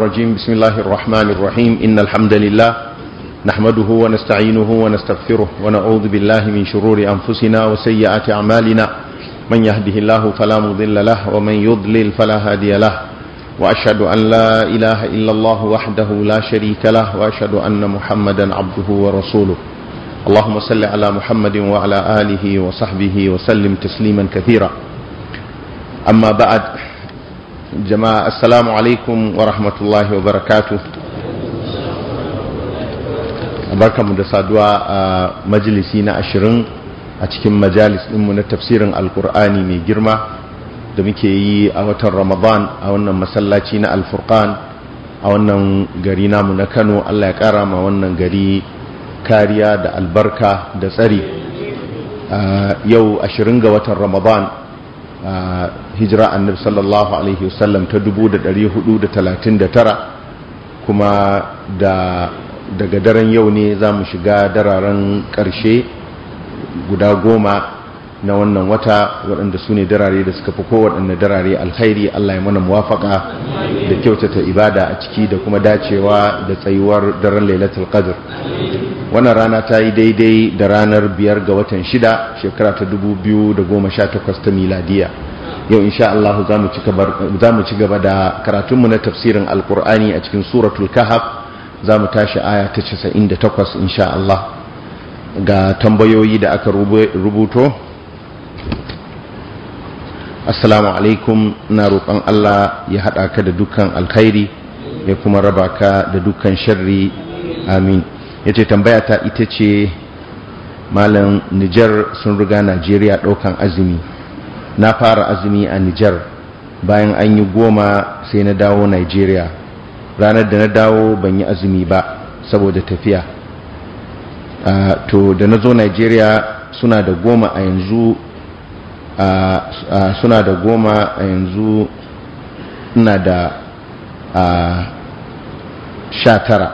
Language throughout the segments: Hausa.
الرجيم بسم الله الرحمن الرحيم إن الحمد لله نحمده ونستعينه ونستغفره ونعوذ بالله من شرور أنفسنا وسيئات أعمالنا من يهده الله فلا مضل له ومن يضلل فلا هادي له وأشهد أن لا إله إلا الله وحده لا شريك له وأشهد أن محمدا عبده ورسوله اللهم صل على محمد وعلى آله وصحبه وسلم تسليما كثيرا أما بعد jama'a assalamu alaikum wa rahmatullahi wa barakatu barkamu da saduwa a majalisi na ashirin a cikin majalis ɗinmu na tafsirin alkur'ani mai girma da muke yi a watan ramadan a wannan masallaci na alfurkan a wannan gari namu na kano allah ya kara ma wannan gari kariya da albarka da tsari yau ashirin ga watan ramadan hijira annabi sallallahu alaihi wasallam ta 439 kuma da daga daren yau ne za mu shiga dararen ƙarshe guda goma na wannan wata waɗanda su ne darare da suka fi kowaɗanne darare alkhairi Allah ya mana muwafaka da kyautata ibada a ciki da kuma dacewa da tsayuwar daren lailatul qadr wannan rana ta yi daidai da ranar biyar ga watan shida shekara ta da goma sha 2018 ta miladiya yau insha Allah za mu ci gaba da karatunmu na tafsirin alkur'ani a cikin suratul kahaf za mu tashi aya ta casa'in 98 insha Allah ga tambayoyi da aka rubuto assalamu alaikum na roƙon Allah ya haɗa ka da dukkan alkhairi ya kuma raba ka da dukkan sharri amin ya ce tambaya ta ita ce malam nijar sun riga najeriya ɗaukan azumi na fara azumi a nijar bayan an yi goma sai na dawo najeriya ranar da na dawo ban yi azumi ba saboda tafiya ah, to da na zo najeriya suna da goma a yanzu suna da goma a yanzu na da sha tara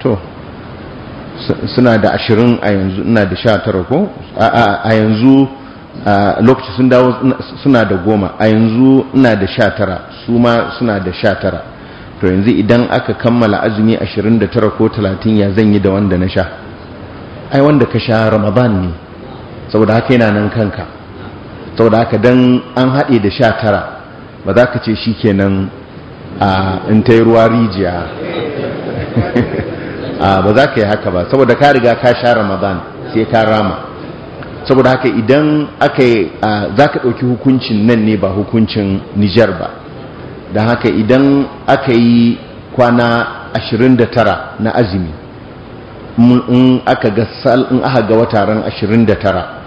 to suna da ashirin a yanzu ina da sha tara ko a yanzu lokaci sun dawo suna da goma a yanzu ina da sha tara su ma suna da sha tara to yanzu idan aka kammala azumi ashirin da tara ko talatin ya zan yi da wanda na sha ai wanda ka sha ramadan ne saboda haka yana nan kanka saboda haka dan an haɗe da sha tara ba za ka ce shi kenan a in ta yi ruwa rijiya ba za ka yi haka ba saboda ka riga ka sha ramadan sai ka rama saboda haka idan aka yi za ka ɗauki hukuncin nan ne ba hukuncin nijar ba don haka idan aka yi kwana 29 na azumi in aka ga wata ran 29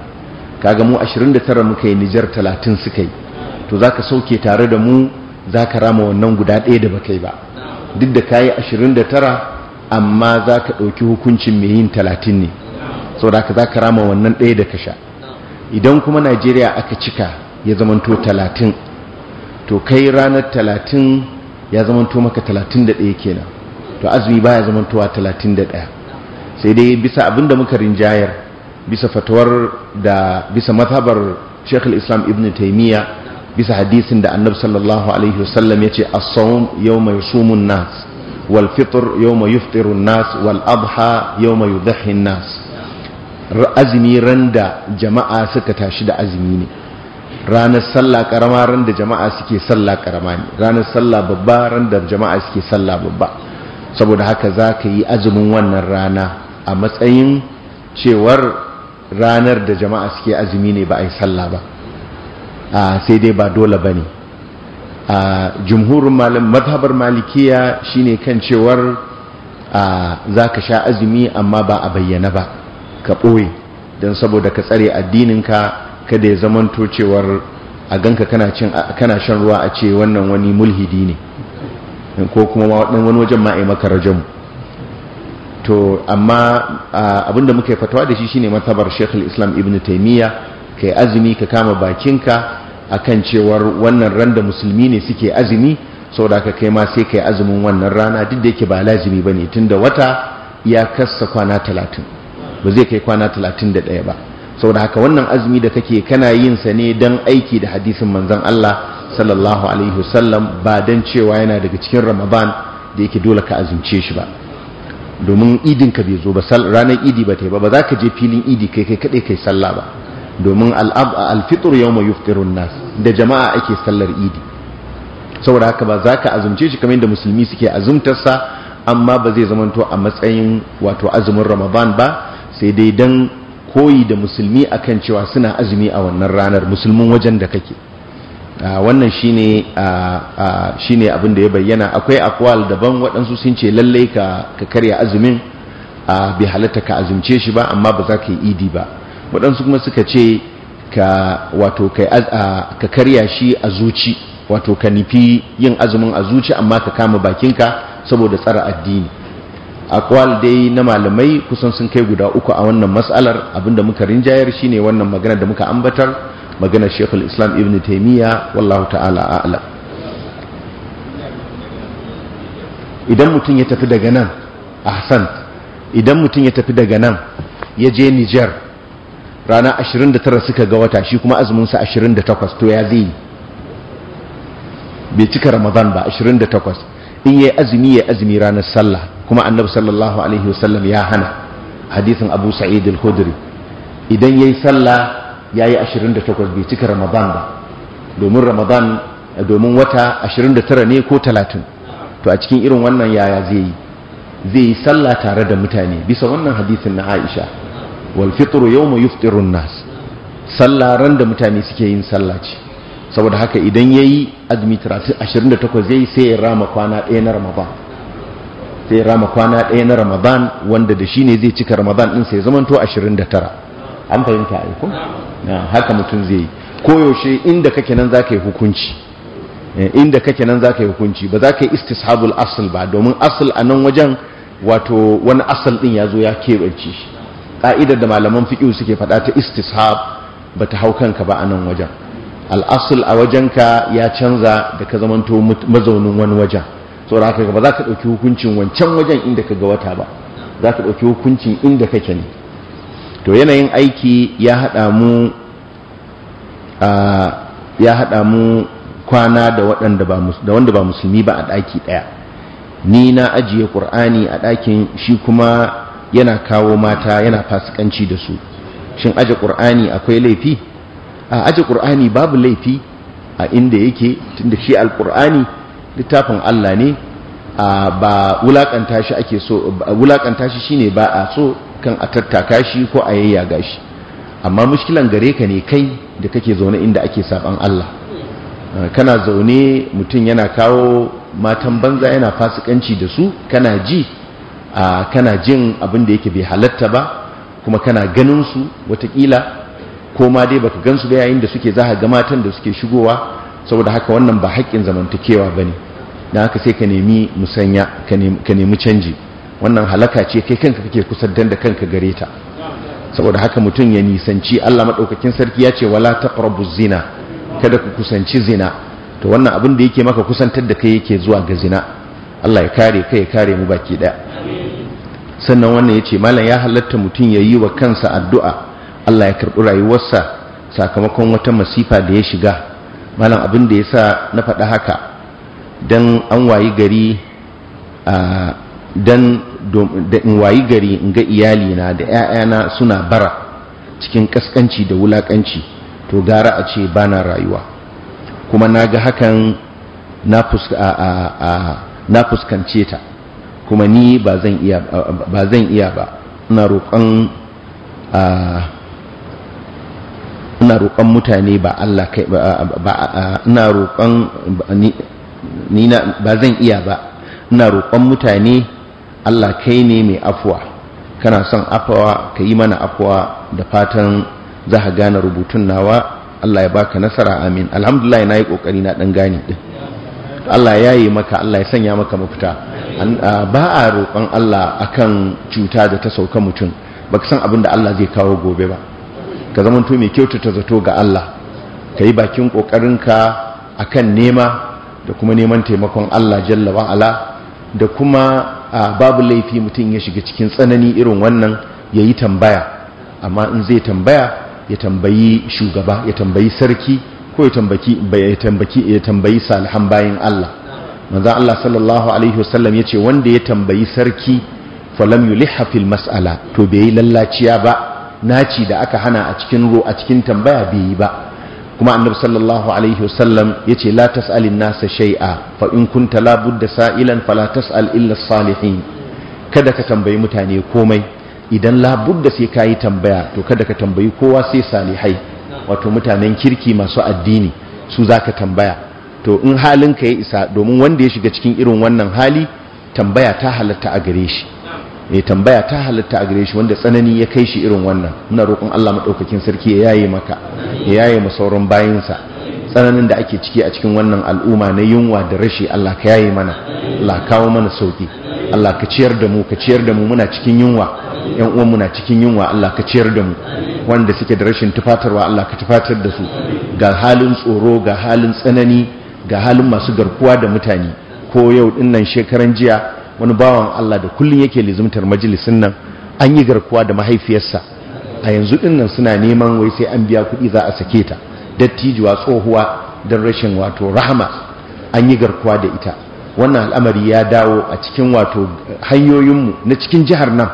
kaga mu 29 muka yi nijar 30 suka yi to za ka sauke tare da mu za ka rama wannan guda ɗaya da baka yi ba duk da ka kayi 29 amma za ka ɗauki hukuncin mai yin 30 ne sau ka za ka rama wannan ɗaya da ka sha idan kuma Najeriya aka cika ya zamanto 30 to kai ranar 30 ya zamanto maka 31 kenan to azumi ba baya zamantowa 31 sai dai bisa abin da muka rinjayar bisa fatawar da bisa mazhabar Sheikh islam Ibn Taymiyyah bisa hadisin da Annabi sallallahu alaihi wasallam yace as-sawm yawma yusumun nas wal fitr yawma yufṭirun nas wal adha yawma yudhhi nas ran randa jama'a suka tashi da azmi ne ranar sallah karama ran da jama'a suke sallah karama ne ranar sallah babba ran da jama'a suke sallah babba saboda haka za ka yi azumin wannan rana a matsayin cewar ranar da jama'a suke azumi ne ba a yi sallah ba sai dai ba dole ba ne jumhurin mazhabar malikiya shine kan cewar za ka sha azumi amma ba a bayyana ba ka ɓoye don saboda ka tsare addininka kada ya zamanto cewar a ganka kana shan ruwa a ce wannan wani mulhidi ne ko kuma wani wajen ma'aimaka rajamu to amma abinda muka fatawa da shi shine matsabar shekul islam ibn taimiyya ka azumi ka kama bakinka akan cewar wannan ran da musulmi ne suke azumi sau da aka kai ma sai ka yi azumin wannan rana duk da yake ba lazimi ba ne tun da wata ya kassa kwana talatin ba zai kai kwana talatin da ɗaya ba sau da haka wannan azumi da kake kana yin sa ne don aiki da hadisin manzon Allah sallallahu alaihi wasallam ba don cewa yana daga cikin ramadan da yake dole ka azumce shi ba domin idinka bai zo ba ranar idi ba ta ba ba za ka je filin idi kai kai kaɗai kai sallah ba domin alfitur yau mai yuftirun nas da jama'a ake sallar idi saboda haka ba za ka azumce shi kamar yadda musulmi suke azumtarsa amma ba zai zamanto a matsayin wato azumin ramadan ba sai dai dan koyi da musulmi akan cewa suna azumi a wannan ranar musulmin wajen da kake Ah, wannan shine ah, ah, shine abin da ya bayyana akwai akwal daban waɗansu sun ce lallai ka karya azumin bai halatta ka azumce shi ba amma ba za ka yi idi ba waɗansu kuma suka ce ka wato ka karya shi a zuci wato ka nufi yin azumin a zuci amma ka kama bakinka saboda tsara addini akwal dai na malamai kusan sun kai guda uku a wannan matsalar da muka rinjayar shine wannan magana da muka ambatar magana shekul islam ibn taimiyya wallahu ta'ala ala. idan mutum ya tafi daga nan ahsan idan mutum ya tafi daga nan ya je niger rana 29 suka ga wata shi kuma azuminsa 28 to ya zai bai cika ramadan ba 28 in yayi azumi ya azumi ranar sallah kuma annabi sallallahu alaihi wasallam ya hana hadisin abu sa'id al-khudri idan yayi sallah ya yi 28 bai cika ramadan ba domin ramadan eh, domin wata 29 ne ko 30 to a cikin irin wannan yaya zai yi zai yi sallah tare da mutane bisa wannan hadisin na aisha wal fitru yawma yuftirun nas sallah ran da mutane suke yin sallah ce saboda haka idan yayi azumi 28 zai sai ya rama kwana ɗaya na ramadan sai rama kwana ɗaya na ramadan wanda da shi ne zai cika ramadan din sai zamanto 29 an fahimta aiko? ko haka mutum zai yi koyaushe inda kake nan za yi hukunci eh, inda kake nan za yi hukunci ba za ka yi istishabul asal ba domin asal a nan wajen wato wani asal din ya zo ya keɓance shi ƙa'idar da malaman fiƙi suke faɗa ta istishab ba ta hau kanka ba a nan wajen al'asul a wajenka ya canza da ka zamanto mazaunin wani wajen saboda haka ba za ka ɗauki hukuncin wancan wajen inda ka ga wata ba za ka ɗauki hukuncin inda kake ne to yanayin aiki ya haɗa mu ya hada mu kwana da wanda ba musulmi ba a ɗaki ɗaya ni na ajiye ƙur'ani a ɗakin shi kuma yana kawo mata yana fasikanci da su shin aje ƙur'ani akwai laifi a aje ƙur'ani babu laifi a inda yake tunda shi alƙur'ani littafin Allah ne ba wulakanta shi ake so wulakanta shi shine ba a so kan a tattaka shi ko a yayyaga shi amma mushkilan gare ka ne kai da kake zaune inda ake saban Allah kana zaune mutum yana kawo matan banza yana fasikanci da su kana ji kana jin abin da yake bai halatta ba kuma kana ganin su watakila ko ma dai baka gansu ba yayin da suke za ga matan da suke shigowa saboda haka wannan ba haƙƙin zamantakewa bane da haka sai ka nemi musanya ka nemi canji wannan halaka ce kai kanka kake kusaddan da kanka gare ta saboda haka mutum ya nisanci Allah madaukakin sarki ya ce wala taqrabu zina kada ku kusanci zina to wannan abin da yake maka kusantar da kai yake zuwa ga zina Allah ya kare kai ya kare mu baki ɗaya sannan wannan ya ce malam ya halatta mutum ya yi wa kansa addu'a Allah ya karɓi rayuwarsa sakamakon wata masifa da ya shiga malam abin da ya sa na faɗa haka don an wayi gari a don in wayi gari in ga iyalina da 'ya'yana suna bara cikin kaskanci da wulakanci to gara a ce bana rayuwa kuma na ga hakan na fuskance ta kuma ni ba zan iya ba ina roƙon ina roƙon mutane ba Allah kai ba ina roƙon ni ba zan iya ba ina roƙon mutane Allah kai ne mai afuwa kana son afuwa ka yi mana afuwa da fatan za ka gane rubutun nawa Allah ya baka nasara amin alhamdulillah na yi ƙoƙari na ɗan gane ɗin Allah ya yi maka Allah ya sanya maka mafita ba a roƙon Allah akan cuta da ta sauka mutum baka san abin da Allah zai kawo gobe ba ka zama to mai kyautata zato ga Allah ka yi bakin ƙoƙarinka akan nema da kuma neman taimakon Allah jalla wa'ala da kuma a babu laifi mutum ya shiga cikin tsanani irin wannan ya yi tambaya amma in zai tambaya ya tambayi shugaba ya tambayi sarki ko ya tambayi salihan bayin Allah manzan Allah sallallahu Alaihi wasallam ya ce wanda ya tambayi sarki falam yuliha fil mas'ala to bai yi lallaciya ba naci da aka hana a cikin ro a cikin tambaya bai yi ba kuma annabi sallallahu alaihi wasallam yace la tas'alin nasa shay'a fa in kunta la budda sa'ilan fala tas'al illa salihin kada ka tambayi mutane komai idan la budda sai kayi tambaya to kada ka tambayi kowa sai salihai wato mutanen kirki masu addini su zaka tambaya to in halinka ya isa domin wanda ya shiga cikin irin wannan hali tambaya ta halatta a gare shi mai tambaya ta halatta a gare shi wanda tsanani ya kai shi irin wannan muna roƙon Allah maɗaukakin sarki ya yaye maka ya yaye mu sauran bayinsa tsananin da ake ciki a cikin wannan al'umma na yunwa da rashi Allah ka yaye mana Allah kawo mana sauki Allah ka ciyar da mu ka ciyar da mu muna cikin yunwa ƴan uwan muna cikin yunwa Allah ka ciyar da mu wanda suke da rashin tufatarwa Allah ka tufatar da su ga halin tsoro ga halin tsanani ga halin masu garkuwa da mutane ko yau dinnan shekaran jiya wani bawan Allah da kullum yake lizumtar majalisun nan an yi garkuwa da mahaifiyarsa a yanzu din nan suna neman wai sai an biya kuɗi za a sake ta dattijuwa tsohuwa don rashin wato rahama an yi garkuwa da ita wannan al'amari ya dawo a cikin wato hanyoyinmu na cikin jihar nan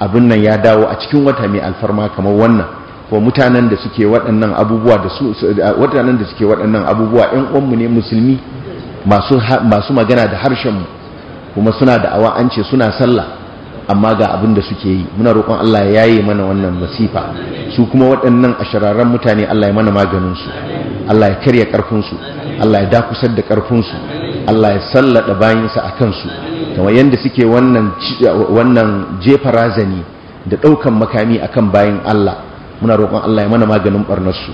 abin nan ya dawo a cikin wata mai alfarma kamar wannan ko mutanen da suke waɗannan abubuwa da su waɗannan da suke waɗannan abubuwa ƴan uwanmu ne musulmi masu masu magana da harshenmu kuma suna da awa an ce suna sallah amma ga abin da suke yi muna roƙon Allah ya yaye mana wannan masifa su kuma waɗannan ashararren mutane Allah ya mana maganin su Allah ya karya ƙarfin Allah ya dakusar da ƙarfin Allah ya sallada bayansa a kansu kamar yadda suke wannan jefa razani da ɗaukan makami akan bayan Allah muna roƙon Allah ya mana maganin barnar su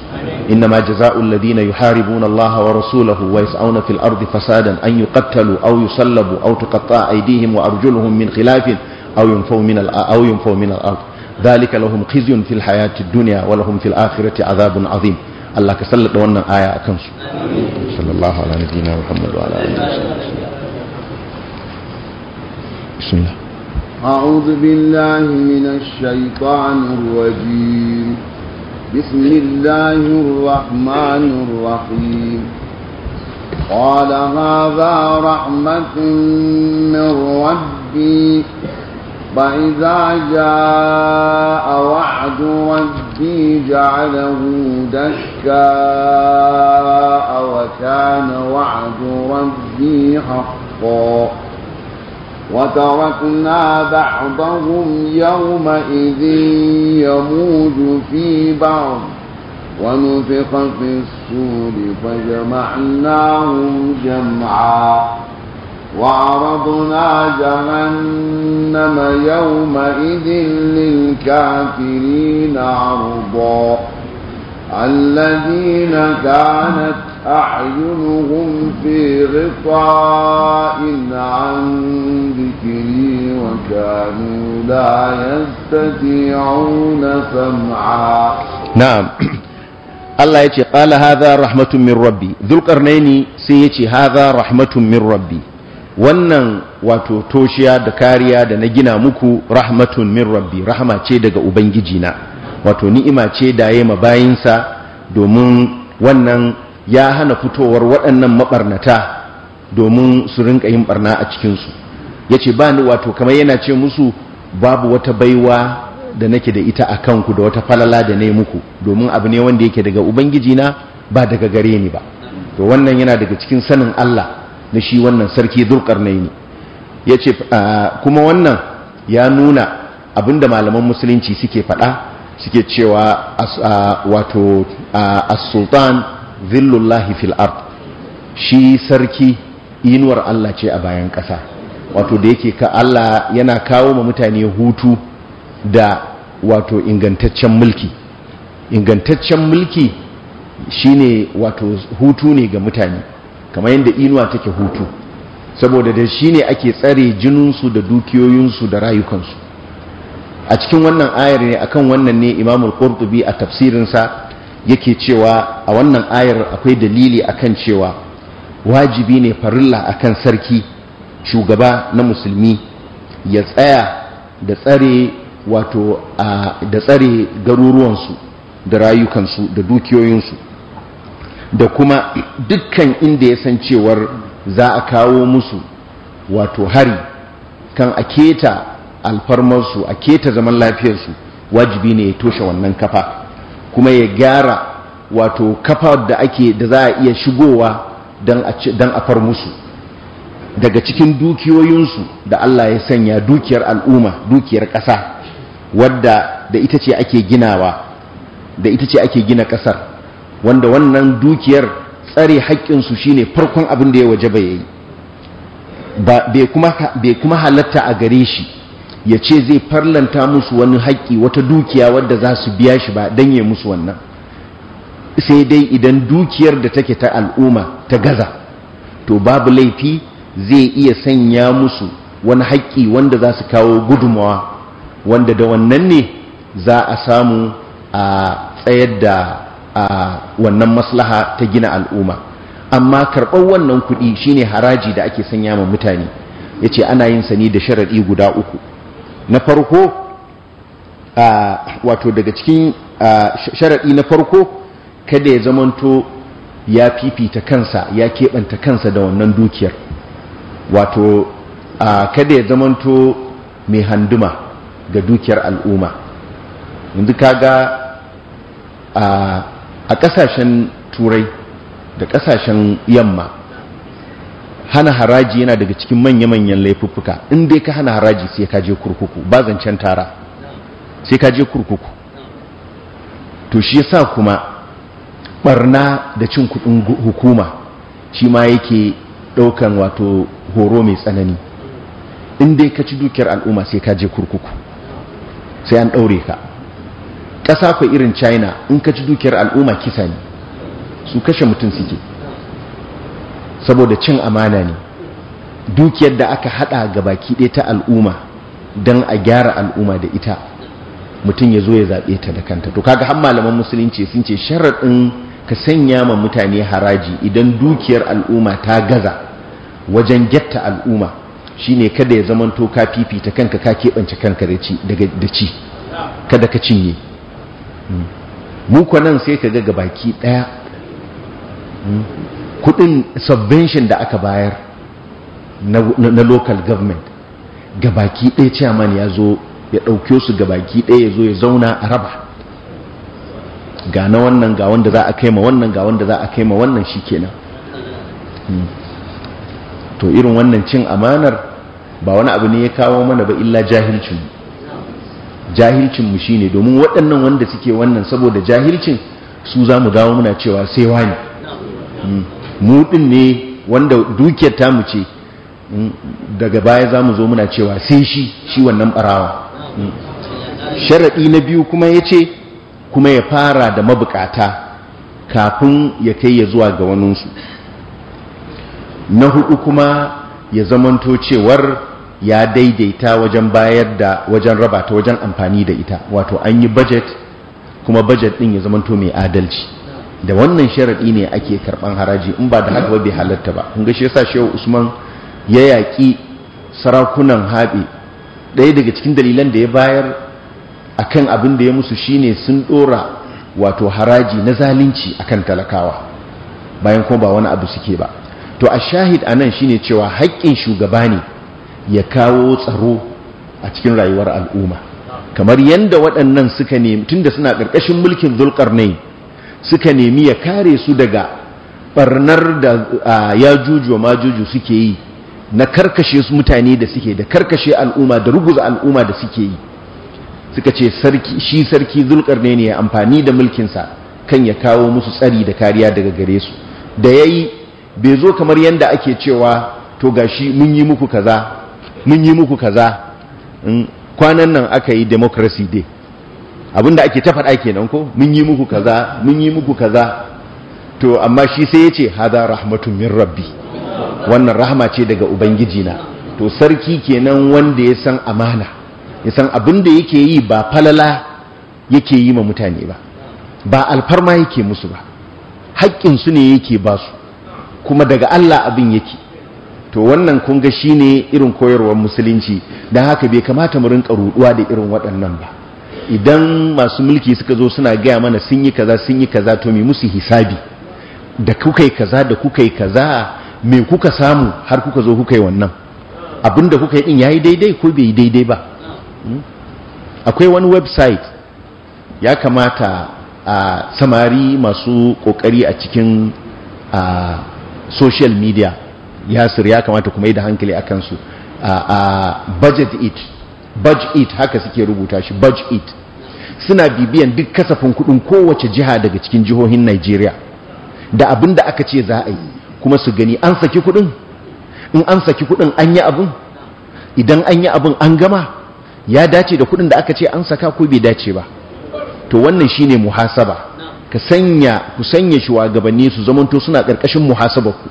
inna ma jaza'ul ladina yuharibuna Allah wa rasulahu wa yas'una fil ardi fasadan an yuqattalu aw yusallabu aw tuqatta'a aydihim wa arjuluhum min khilafin aw yunfaw min al aw yunfaw min al ard dhalika lahum khizyun fil hayatid dunya wa lahum fil akhirati adhabun azim Allah ka sallata wannan aya akan su sallallahu ala nabiyyina muhammad wa ala alihi wa sahbihi bismillah أعوذ بالله من الشيطان الرجيم بسم الله الرحمن الرحيم قال هذا رحمة من ربي فإذا جاء وعد ربي جعله دكاء وكان وعد ربي حقا وتركنا بعضهم يومئذ يموج في بعض ونفخ في السور فجمعناهم جمعا وعرضنا جهنم يومئذ للكافرين عرضا الذين كانت أعينهم في غطاء عن ذكري وكانوا لا يستطيعون سمعا نعم الله يتي قال هذا رحمة من ربي ذو القرنين سيتي هذا رحمة من ربي wannan wato toshiya da kariya da na gina muku rahmatun min rabbi rahama ce daga ubangiji na wato ni'ima ce da ya ma bayinsa domin wannan ya hana fitowar waɗannan maɓarnata domin su rinka yin ɓarna a cikinsu ya ce ba ni wato kamar yana ce musu babu wata baiwa da nake da ita a kanku da wata falala da ne muku domin abu ne wanda yake daga ubangijina ba daga gare ni ba to wannan yana daga cikin sanin Allah na shi wannan sarki zulkarnaini ya ce kuma wannan ya nuna abin da malaman musulunci suke faɗa suke cewa wato as-sultan zillullahi fil ard shi sarki inuwar Allah ce a bayan ƙasa wato da yake ka Allah yana kawo ma mutane hutu da wato ingantaccen mulki ingantaccen mulki shine wato hutu ne ga mutane kamar yadda inuwa take hutu saboda da shine ake tsare jininsu da dukiyoyinsu da rayukansu a cikin wannan ayar ne akan wannan ne imamul qurtubi a tafsirinsa yake cewa a wannan ayar akwai dalili akan cewa wajibi ne farilla kan sarki shugaba na musulmi ya tsaya da tsare wato da tsare garuruwansu da rayukansu da dukiyoyinsu da kuma dukkan inda ya san cewar za a kawo musu wato hari kan a keta alfarmarsu a keta zaman lafiyarsu wajibi ne ya toshe wannan kafa kuma ya gyara wato kafa da ake da za a iya shigowa don a far musu daga cikin dukiyoyinsu da Allah ya sanya dukiyar al'umma dukiyar ƙasa wadda da ita ce ake ginawa da ita ce ake gina ƙasar wanda wannan dukiyar tsare haƙƙinsu shi ne farkon abin da ya waje ba yayi bai kuma halatta a gare shi ya ce zai farlanta musu wani haƙƙi wata dukiya wadda za su biya shi ba don ya musu wannan sai dai idan dukiyar da take ta al'umma ta gaza to babu laifi zai iya sanya musu wani haƙƙi wanda za su kawo gudumawa wanda da wannan ne za a samu a tsayar da wannan maslaha ta gina al'umma amma karɓar wannan kuɗi shine haraji da ake sanya ma mutane ya ce ana yin sani da sharaɗi guda uku na farko wato daga cikin sharaɗi na farko kada ya zamanto ya fifita kansa ya keɓanta kansa da wannan dukiyar wato kada ya zamanto mai handuma ga dukiyar al'umma yanzu kaga a ƙasashen turai da ƙasashen yamma hana haraji yana daga cikin manya-manyan laifuffuka in dai ka hana haraji sai ka je kurkuku ba zancen tara sai ka je kurkuku to shi yasa kuma barna da cin kudin hukuma shi ma yake daukan wato horo mai tsanani in dai ka ci dukiyar al'umma sai ka je kurkuku sai an daure ka ƙasa fa irin china in ka ci dukiyar al'umma kisa ne su kashe mutum suke saboda cin amana ne dukiyar da aka hada ga baki ɗaya ta al'umma don a gyara al'umma da ita mutum ya zo ya zaɓe ta da kanta to kaga har malaman musulunci sun ce sharaɗin ka sanya ma mutane haraji idan dukiyar al'umma ta gaza wajen getta al'umma shine kada ya zama to ka fifita kanka ka keɓance kanka da ci kada ka cinye hmm. mu sai ka ga gabaki ɗaya hmm, kudin subvention da aka bayar na local government baki ɗaya chairman ya zo ya ɗauke su gabaki ɗaya ya zo ya zauna a raba ga na wannan ga wanda za a kai ma wannan ga wanda za a kai ma wannan shi kenan hmm. to irin wannan cin amanar ba wani abu ne ya kawo mana ba illa jahilcin mu shi ne domin waɗannan wanda suke wannan saboda jahilcin su za mu dawo muna cewa sai wani hmm. mu ɗin ne wanda dukiyar mu ce mm, daga baya za mu zo muna cewa sai shi shi wannan barawa mm. sharaɗi na biyu kuma ya ce kuma ya fara da mabukata kafin ya kai ya zuwa ga waninsu na hudu kuma ya zamanto cewar ya daidaita wajen bayar da wajen rabata wajen amfani da ita wato an yi budget kuma budget din ya zamanto mai adalci da wannan sharaɗi ne ake karɓan haraji in ba da haka ba bai halatta ba kun ga shi yasa shehu usman ya yaƙi sarakunan haɓe ɗaya daga cikin dalilan da ya bayar akan abin da ya musu shine sun ɗora wato haraji na zalunci akan talakawa bayan kuma ba wani abu suke ba to a shahid a anan shine cewa haƙƙin shugaba ne ya kawo tsaro a cikin rayuwar al'umma kamar yadda waɗannan suka nemi tunda suna ƙarƙashin mulkin zulƙarnain suka nemi ya kare su daga barnar da ya juju ma majuju suke yi na karkashe su mutane da suke da karkashe al'umma da ruguza al'umma da suke yi suka ce shi sarki zulkar ne ya amfani da mulkinsa kan ya kawo musu tsari da kariya daga gare su da ya yi bai zo kamar yadda ake cewa to gashi mun yi muku kaza mun yi muku kaza kwanan nan aka yi democracy day abinda ake ta faɗa kenan ko mun yi muku kaza mun yi muku kaza to amma shi sai yace ce hada rahmatun min rabbi wannan rahama ce daga ubangiji na to sarki kenan wanda ya san amana ya san abinda yake yi ba falala yake yi ma mutane ba ba alfarma yake musu ba su ne yake ba su kuma daga Allah abin yake to wannan kun ga shine irin koyarwar musulunci dan haka bai kamata mu rinka ruɗuwa da irin waɗannan ba idan masu mulki suka zo suna gaya mana sun yi kaza sun yi kaza to mai musu hisabi da kuka yi kaza da kuka yi kaza me kuka samu har kuka zo kuka yi wannan abin da kuka yi din yayi daidai ko bai yi daidai ba hmm? akwai wani website ya kamata a samari masu kokari a cikin a social media yasir ya kamata kuma yi da hankali a kansu a budget it budget haka suke rubuta shi budget suna bibiyan duk kasafin kudin kowace jiha daga cikin jihohin Najeriya da abinda aka ce za a yi kuma su gani an saki kudin in an saki kudin an yi abin idan an yi abin an gama ya dace da kudin da aka ce an saka ko bai dace ba to wannan shine muhasaba ka sanya ku sanya shugabanni su zamanto suna karkashin muhasabar ku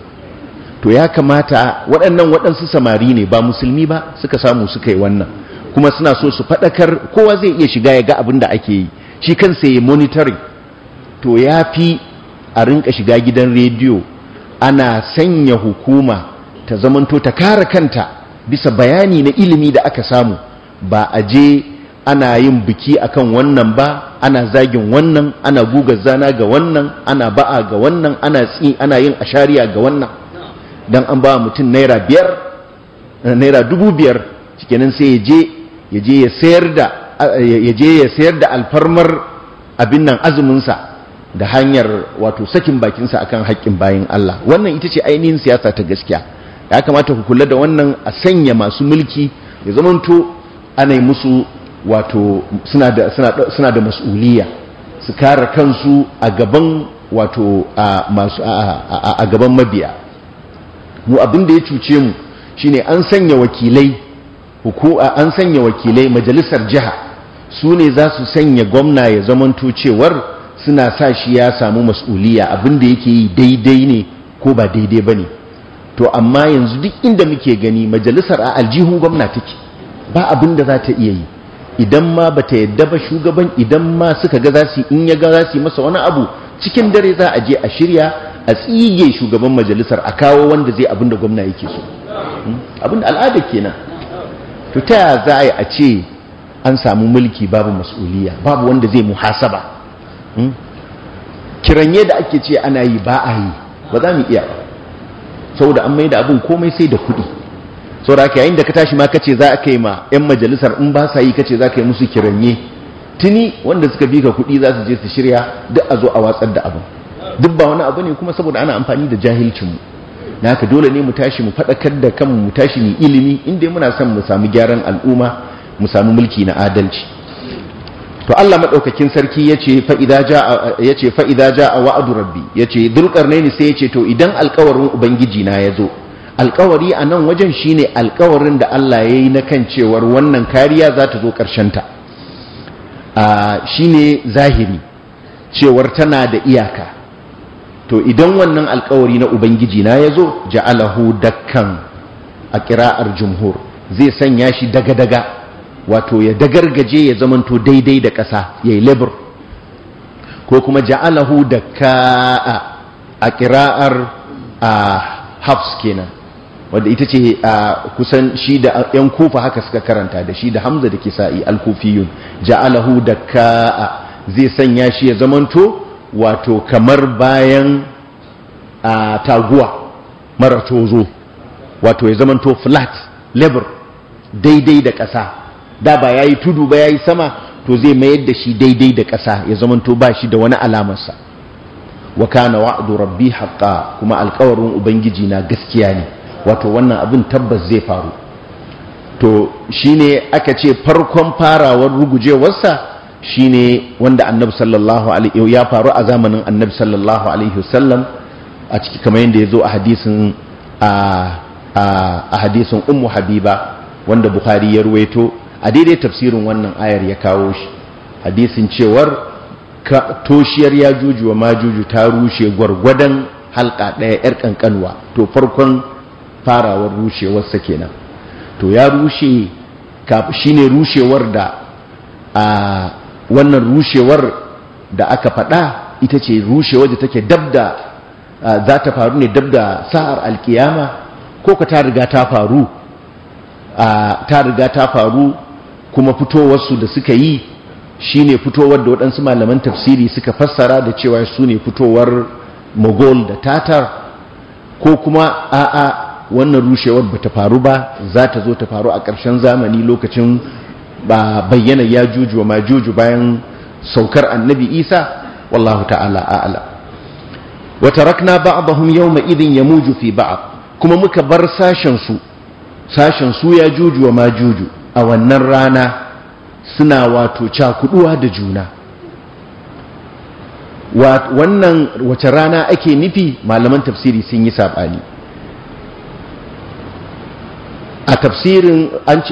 to ya kamata waɗannan waɗansu samari ne ba musulmi ba suka samu suka yi wannan kuma suna so su faɗakar kowa zai iya shiga ya ga abin da ake yi shi kansa ya monitoring to ya fi a rinka shiga gidan rediyo ana sanya hukuma ta zamanto ta kare kanta bisa bayani na ilimi da aka samu ba a je ana yin biki akan wannan ba ana zagin wannan ana guga zana ga wannan ana ba'a ga wannan ana tsi ana yin ashariya ga wannan dan an ba mutum naira biyar naira dubu biyar cikinan sai ya je ya je ya sayar da alfarmar abin nan azuminsa da hanyar wato sakin bakinsa akan haƙƙin bayan Allah wannan ita ce ainihin siyasa ta gaskiya ya kamata ku kula da wannan a sanya masu mulki ya zamanto ana yi musu wato suna da mas'uliya su kara kansu a gaban wato a gaban mabiya mu abin da ya cuce mu shine an sanya wakilai hukuma an sanya wakilai majalisar jiha su ne za su sanya gwamna ya zamanto cewar suna sa shi ya samu mas'uliya abin da yake yi daidai ne ko ba daidai ba ne to amma yanzu duk inda muke gani majalisar a aljihun gwamna take ba abin da za ta iya yi idan ma ba ta yadda ba shugaban idan ma suka ga za su in ya ga za su masa wani abu cikin dare za a je a shirya a tsige shugaban majalisar a kawo wanda zai abin da gwamna yake so hmm? abin da al'ada kenan to ta za a yi a ce an samu mulki babu mas'uliya babu wanda zai muhasaba hmm? kiranye da ake ce ana yi ba a yi ba za mu iya saboda an mai da abin komai sai da kuɗi saboda aka yayin da ka tashi ma kace za ka yi ma 'yan majalisar in ba sa yi kace za ka yi musu kiranye tuni wanda suka bi ka kuɗi za su je su shirya duk a zo a watsar da abin duk ba wani abu ne kuma saboda ana amfani da mu. Na haka dole ne mu tashi mu faɗakar da kanmu mu tashi ni ilimi inda muna son mu samu gyaran al'umma mu samu mulki na adalci to Allah maɗaukakin sarki yace ce ja a wa'adu rabbi yace ne ne sai yace to idan alkawarin ubangiji na ya zo alkawari a nan wajen shine alkawarin da Allah yayi na kan cewar wannan kariya za ta zo ƙarshen ta, shine zahiri cewar tana da iyaka to idan wannan alkawari na ubangiji na ya zo ja'alahu dakkan a kira'ar jumhur zai sanya shi daga-daga wato ya dagargaje ya zamanto daidai da ƙasa ya yi labar ko kuma ja'alahu dakka'a a kira'ar hafs kenan wadda ita ce a kusan shi da yan kufa haka suka karanta da shi da hamza da kisa'i alkufiyun ja'alahu dakka'a zai sanya shi ya zamanto wato kamar bayan a taguwa mara tozo wato ya zamanto flat lebar daidai da ƙasa da ba ya yi tudu ba ya yi sama to zai mayar da shi daidai da ƙasa ya zamanto ba shi da wani alamarsa wa kana wa'du rabbi haƙa kuma alkawarin ubangiji na gaskiya ne wato wannan abin tabbas zai faru to shi ne aka ce farkon farawar rugujewarsa Shi ne wanda annabi sallallahu alaihi ya faru a zamanin annabi sallallahu alaihi wasallam a ciki kamar yadda ya zo a hadisin a hadisin ummu habiba wanda bukhari ya ruwaito a daidai tafsirin wannan ayar ya kawo shi hadisin cewar toshiyar ya juju wa majuju ta rushe gwargwadon halka ɗaya yar kankanwa to farkon farawar rushewar sa kenan to ya rushe shine rushewar da wannan rushewar da aka faɗa ita ce rushewar da take dabda za ta faru ne dabda sa'ar alkiyama ko ka ta riga ta faru ta riga ta faru kuma fitowarsu da suka yi shi ne fitowar da waɗansu malaman tafsiri suka fassara da cewa su ne fitowar mogol da tatar ko kuma a'a wannan rushewar ba ta faru ba za ta zo ta faru a ƙarshen zamani lokacin ba bayyana ya juju ma majuju bayan saukar annabi isa wallahu ta'ala a'ala wa tarakna ba'dahum yawma idin yamuju fi ba'd kuma muka bar sashen su sashen su ya juju ma majuju a wannan rana suna wato cakuduwa da juna wannan wace rana ake nufi malaman tafsiri sun yi sabani a tafsirin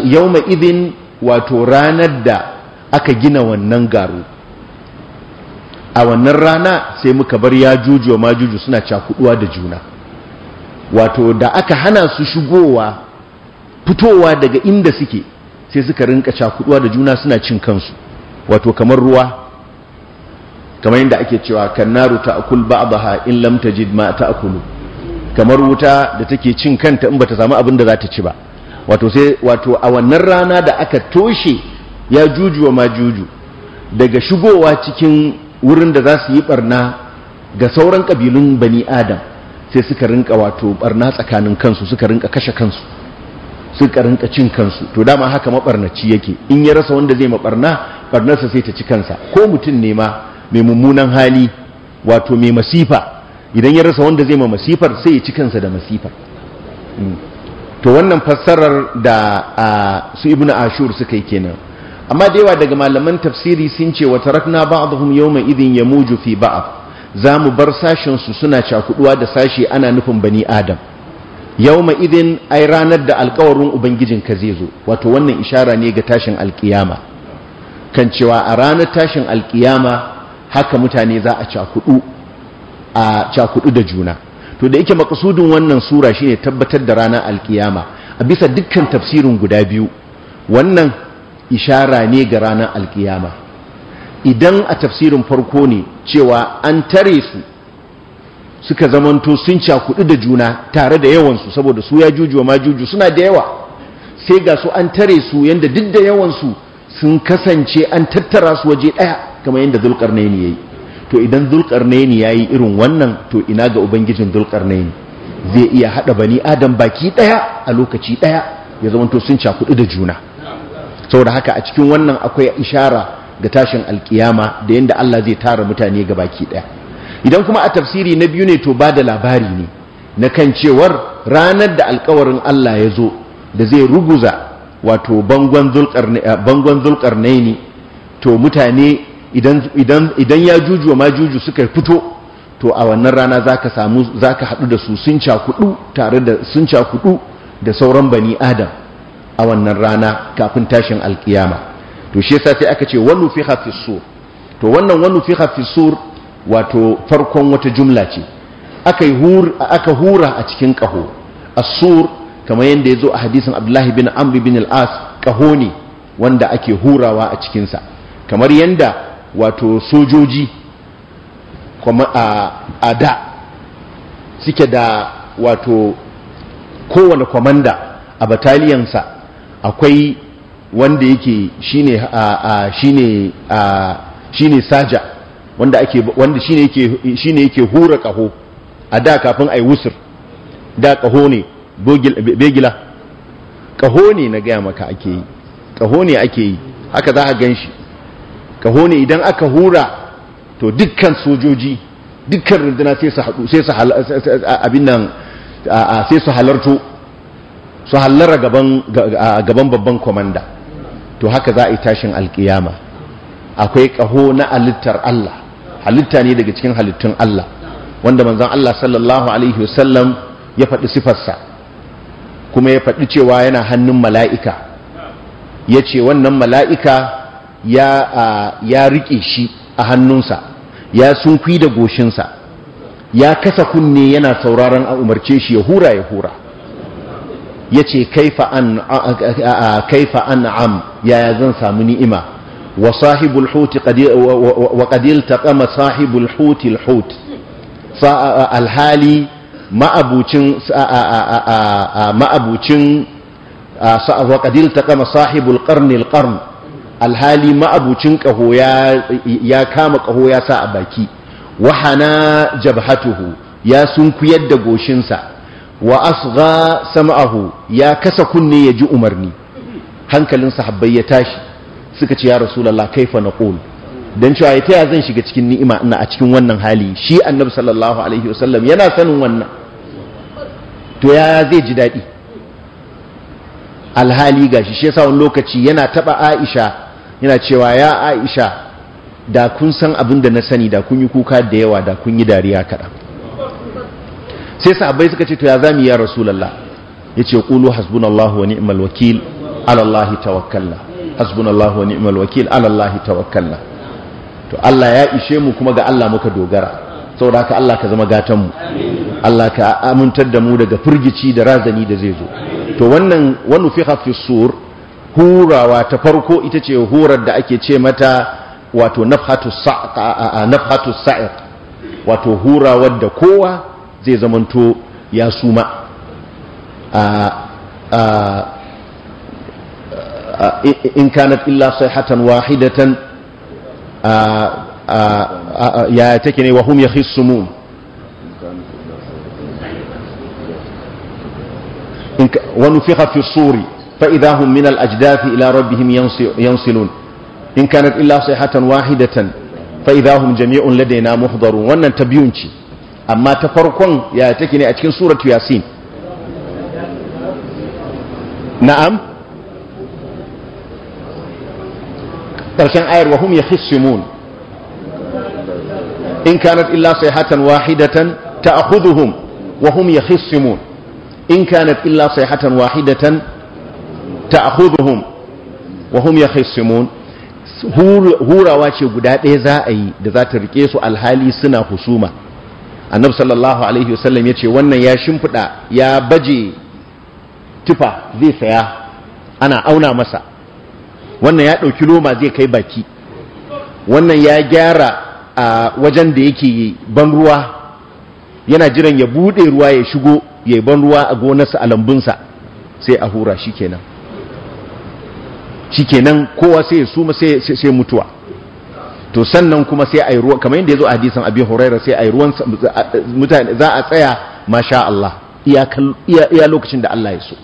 yawma idin wato ranar da aka gina wannan garu a wannan rana sai muka bar ya juju ma juju suna cakuduwa da juna wato da aka hana su shigowa fitowa daga inda suke sai suka rinka cakuduwa da juna suna cin kansu wato kamar ruwa kamar yadda ake cewa kannaru a ba'daha in lam tajid ma ta'kulu kamar wuta da take cin kanta in bata samu abin da za ta ci ba wato sai wato a wannan rana da aka toshe ya juju wa majuju daga shigowa cikin wurin da za su yi barna ga sauran kabilun bani adam sai suka rinka wato barna tsakanin kansu suka rinka kashe kansu suka rinka cin kansu to dama haka mabarnaci yake in ya rasa wanda zai mabarna barnarsa sai ta ci kansa ko mutum ne ma mai mummunan hali wato mai masifa idan ya rasa wanda zai ma masifar sai ya ci kansa da masifar hmm. to wannan fassarar da su Ibnu ashur suka yi kenan amma da yawa daga malaman tafsiri sun ce wata rakna ba'dhum yawma idin muju fi ba'd za mu bar sashensu suna cakuduwa da sashi ana nufin bani adam yawma idin ai ranar da alkawarin ubangijin ka zai zo wato wannan ishara ne ga tashin alkiyama kan cewa a ranar tashin alkiyama haka mutane za a cakudu a cakudu da juna to da yake makasudin wannan sura shine tabbatar da ranar alkiyama a bisa dukkan tafsirin guda biyu wannan ishara ne ga ranar alkiyama idan a tafsirin farko ne cewa an tare su suka zamanto sun cakudu da juna tare da yawansu saboda su ya juju wa majuju suna da yawa sai ga su an tare su yadda duk da yawansu sun kasance an tattara su waje ɗaya kamar yadda zulkarnaini ya yi to idan zulkarnaini ya yi irin wannan to ina ga ubangijin ne? zai iya haɗa bani adam baki ɗaya a lokaci ɗaya ya zama to sun cakudu da juna saboda haka a cikin wannan akwai ishara ga tashin alkiyama da yadda Allah zai tara mutane ga baki ɗaya idan kuma a tafsiri na biyu ne to ba da labari ne na kan cewar ranar da alkawarin Allah ya zo da zai ruguza wato bangon ne to mutane idan ya juju wa majuju suka fito to a wannan rana zaka samu zaka hadu da su sun cakudu tare da sun cakudu da sauran bani adam a wannan rana kafin tashin alkiyama to shi yasa sai aka ce wannu fi hafi sur to wannan wannu fi hafi sur wato farkon wata jumla ce aka hura a cikin kaho as-sur kamar yanda yazo a hadisin Abdullah bin Amr bin al kaho ne wanda ake hurawa a cikinsa kamar yadda. wato sojoji a da suke da wato kowane kwamanda a bataliyansa akwai wanda yake shine a shine a shine saja wanda ake wanda shine yake shine yake hura kaho a da kafin ai wusur da kaho ne begila kaho ne na gaya maka ake yi kaho ne ake yi haka za ka gan shi kaho ne idan aka hura to dukkan sojoji dukkan runduna sai su su abin halarto su halara gaban babban kwamanda to haka za a yi tashin alkiyama akwai kaho na halittar Allah halitta ne daga cikin halittun Allah wanda manzon Allah sallallahu alaihi wasallam ya faɗi sifarsa kuma ya faɗi cewa yana hannun mala'ika yace wannan mala'ika ya riƙe shi a hannunsa ya sunkwi da goshinsa ya kasa kunne yana sauraron a umarce shi ya hura ya hura ya ce kaifa an am yaya zan samu ni'ima wa sahibul huti wa ta taqama sahibul huti al-hut alhali ma'abucin ma'abucin wa ta taqama sahibul qarni al-qarn alhali ma'abucin ƙaho ya kama ƙaho ya sa a baki wahana jabhatuhu ya sunkuyar da goshinsa wa asgha sam'ahu ya kasa kunne ya ji umarni hankalin sahabbai ya tashi suka ce ya rasulullah kaifa naqul dan cewa ya taya zan shiga cikin ni'ima ina a cikin wannan hali shi annabi sallallahu alaihi wasallam yana sanin wannan to ya zai ji daɗi? alhali gashi shi yasa wani lokaci yana taɓa Aisha yana cewa ya aisha da kun san abin da na sani da kun yi kuka da yawa da kun yi dariya kaɗan sai sahabbai suka ce to ya zami ya rasulallah ya ce ƙulu hasbunallahu wa ni'mal wakil alallahi tawakkalla hasbunallahu wa ni'mal wakil alallahi tawakkalla to Allah ya ishe mu kuma ga Allah muka dogara saboda haka Allah ka zama gatan mu Allah ka amintar da mu daga firgici da razani da zai zo to wannan wani fi sur hurawa ta farko ita ce hurar da ake ce mata wato nafhatu sa'iq wato hurawar da kowa zai zamanto ya suma in kanat illa sayhatan wahidatan ya take ne wa hum yakhisumun wa fi suri فإذا هم من الأجداف إلى ربهم ينصلون إن كانت إلا صيحة واحدة فإذا هم جميع لدينا محضرون وأن تبيونشي أما تفرقون يا تكني أتكين سورة ياسين نعم ترشان آير وهم يخصمون إن كانت إلا صيحة واحدة تأخذهم وهم يخصمون إن كانت إلا صيحة واحدة ta'khudhuhum wa hum yakhisimun hurawa ce guda ɗaya za a yi da za ta rike su alhali suna husuma annabi sallallahu alaihi wasallam yace wannan ya shimfida ya baje tufa zai saya ana auna masa wannan ya ɗauki loma zai kai baki wannan ya gyara a wajen da yake ban ruwa yana jiran ya buɗe ruwa ya shigo ya ban ruwa a gonarsa a lambunsa sai a hura shi kenan shikenan kowa sai ya suma sai mutuwa to sannan kuma sai yi ruwa kamar yadda yazo a hadisin Abi Huraira sai yi ruwan mutane za a tsaya masha Allah iya lokacin da Allah ya so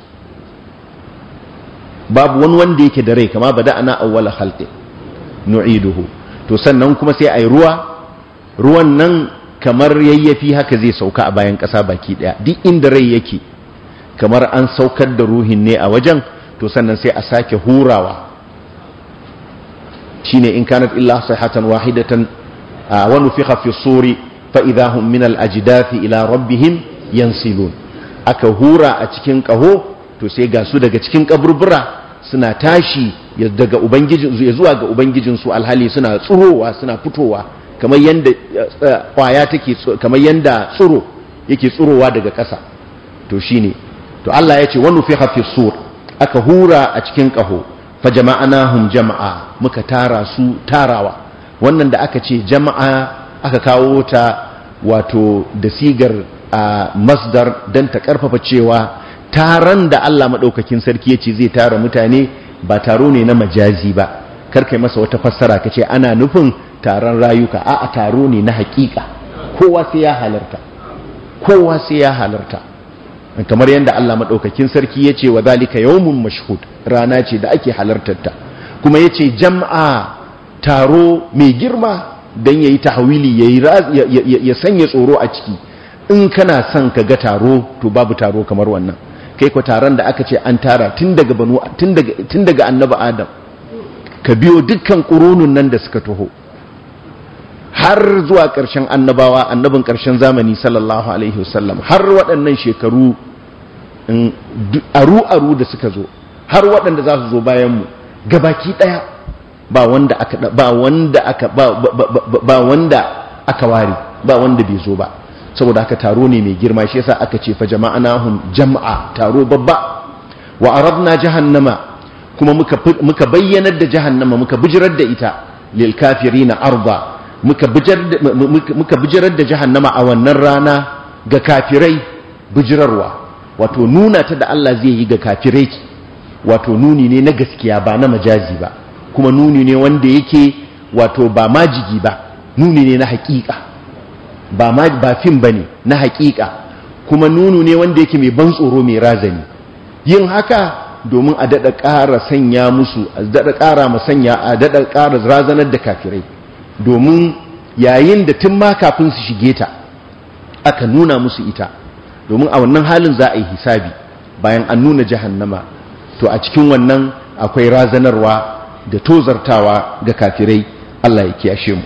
babu wani wanda yake da rai kama bada ana awwala khalqi nu'iduhu to sannan kuma sai yi ruwa ruwan nan kamar yayyafi haka zai sauka a bayan kasa baki daya duk inda rai yake kamar an saukar da ruhin ne a wajen to sannan sai a sake hurawa shine in kanat illa sahatan wahidatan a wani fi suri fa idahum min al’ajidafi ila rabbihim yansilun aka hura a cikin ƙaho to sai ga su daga cikin ƙaburbura suna tashi daga ubangijin zuwa ga ubangijin su alhali suna tsurowa suna fitowa kamar yadda kwaya take kamar tsuro yake tsurowa daga ƙasa to ne to Allah ya ce wani fi hafi tsori aka hura a cikin ƙaho fa jama'anahum jama'a muka tara su tarawa wannan da aka ce jama'a aka kawo ta wato da sigar a masdar don ta ƙarfafa cewa taron da Allah maɗaukakin sarki ya ce zai tara mutane ba taro ne na majazi ba karkai masa wata fassara ka ce ana nufin taron rayuka a a taro ne na haƙiƙa kowa kowa sai ya halarta kamar yadda Allah maɗaukakin sarki ya ce wa zalika yawmun mashhud rana ce da ake halartarta kuma ya ce jam'a taro mai girma don ya yi tahawili ya sanya tsoro a ciki in kana son ka ga taro to babu taro kamar wannan kai ku taron da aka ce an tara tun daga annaba adam ka biyo dukkan kurunun nan da suka taho har zuwa ƙarshen annabawa annabin ƙarshen zamani sallallahu alaihi wasallam har waɗannan shekaru aru-aru da suka zo har waɗanda za su zo bayanmu gabaki ɗaya ba wanda aka ba wanda aka ba wanda aka ware ba wanda bai zo ba saboda haka taro ne mai girma shi yasa aka ce fa jama'anahum jam'a taro babba wa aradna jahannama kuma muka muka bayyanar da jahannama muka bijirar da ita lil kafirina arda muka bijirar da jahannama a wannan rana ga kafirai bijirarwa wato nuna ta da Allah zai yi ga kafirai wato nuni ne na gaskiya ba na majazi ba kuma nuni ne wanda yake wato ba majigi ba nuni ne na hakika ba ba fim bane na hakika kuma nunu ne wanda yake mai ban tsoro mai razani yin haka domin a daɗa ƙara sanya musu a dada ƙara masanya a daɗa ƙara razanar da kafirai domin yayin da tun ma kafin su shige ta aka nuna musu ita domin a wannan halin za a yi hisabi bayan an nuna jahannama to a cikin wannan akwai razanarwa da tozartawa ga kafirai Allah ya kiyashe mu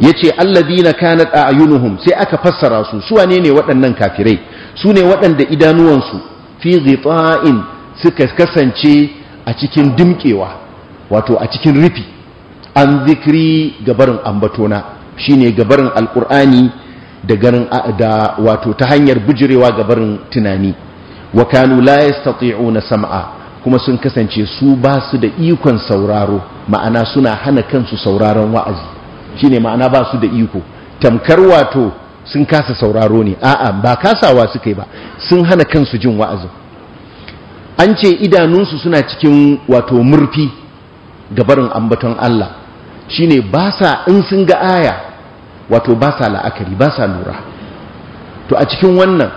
yace alladina kanat ayunuhum sai aka fassara su su wane ne waɗannan kafirai su ne waɗanda idanuwansu fi ghita'in suka kasance a cikin dimkewa wato a cikin rufi an zikri gabarin ambatona shine gabarin alkur'ani da garin da wato ta hanyar bijirewa gabarin tunani wa kanu la yastati'una sam'a kuma sun kasance su ba su da ikon sauraro ma'ana suna hana kansu sauraron wa'azi shine ma'ana ba su da iko tamkar wato sun kasa sauraro ne a'a ba kasawa suka yi ba sun hana kansu jin wa'azin an ce idanunsu suna cikin wato murfi gabarin ambaton Allah shine ba sa in sun ga aya wato ba sa la'akari ba sa lura to a cikin wannan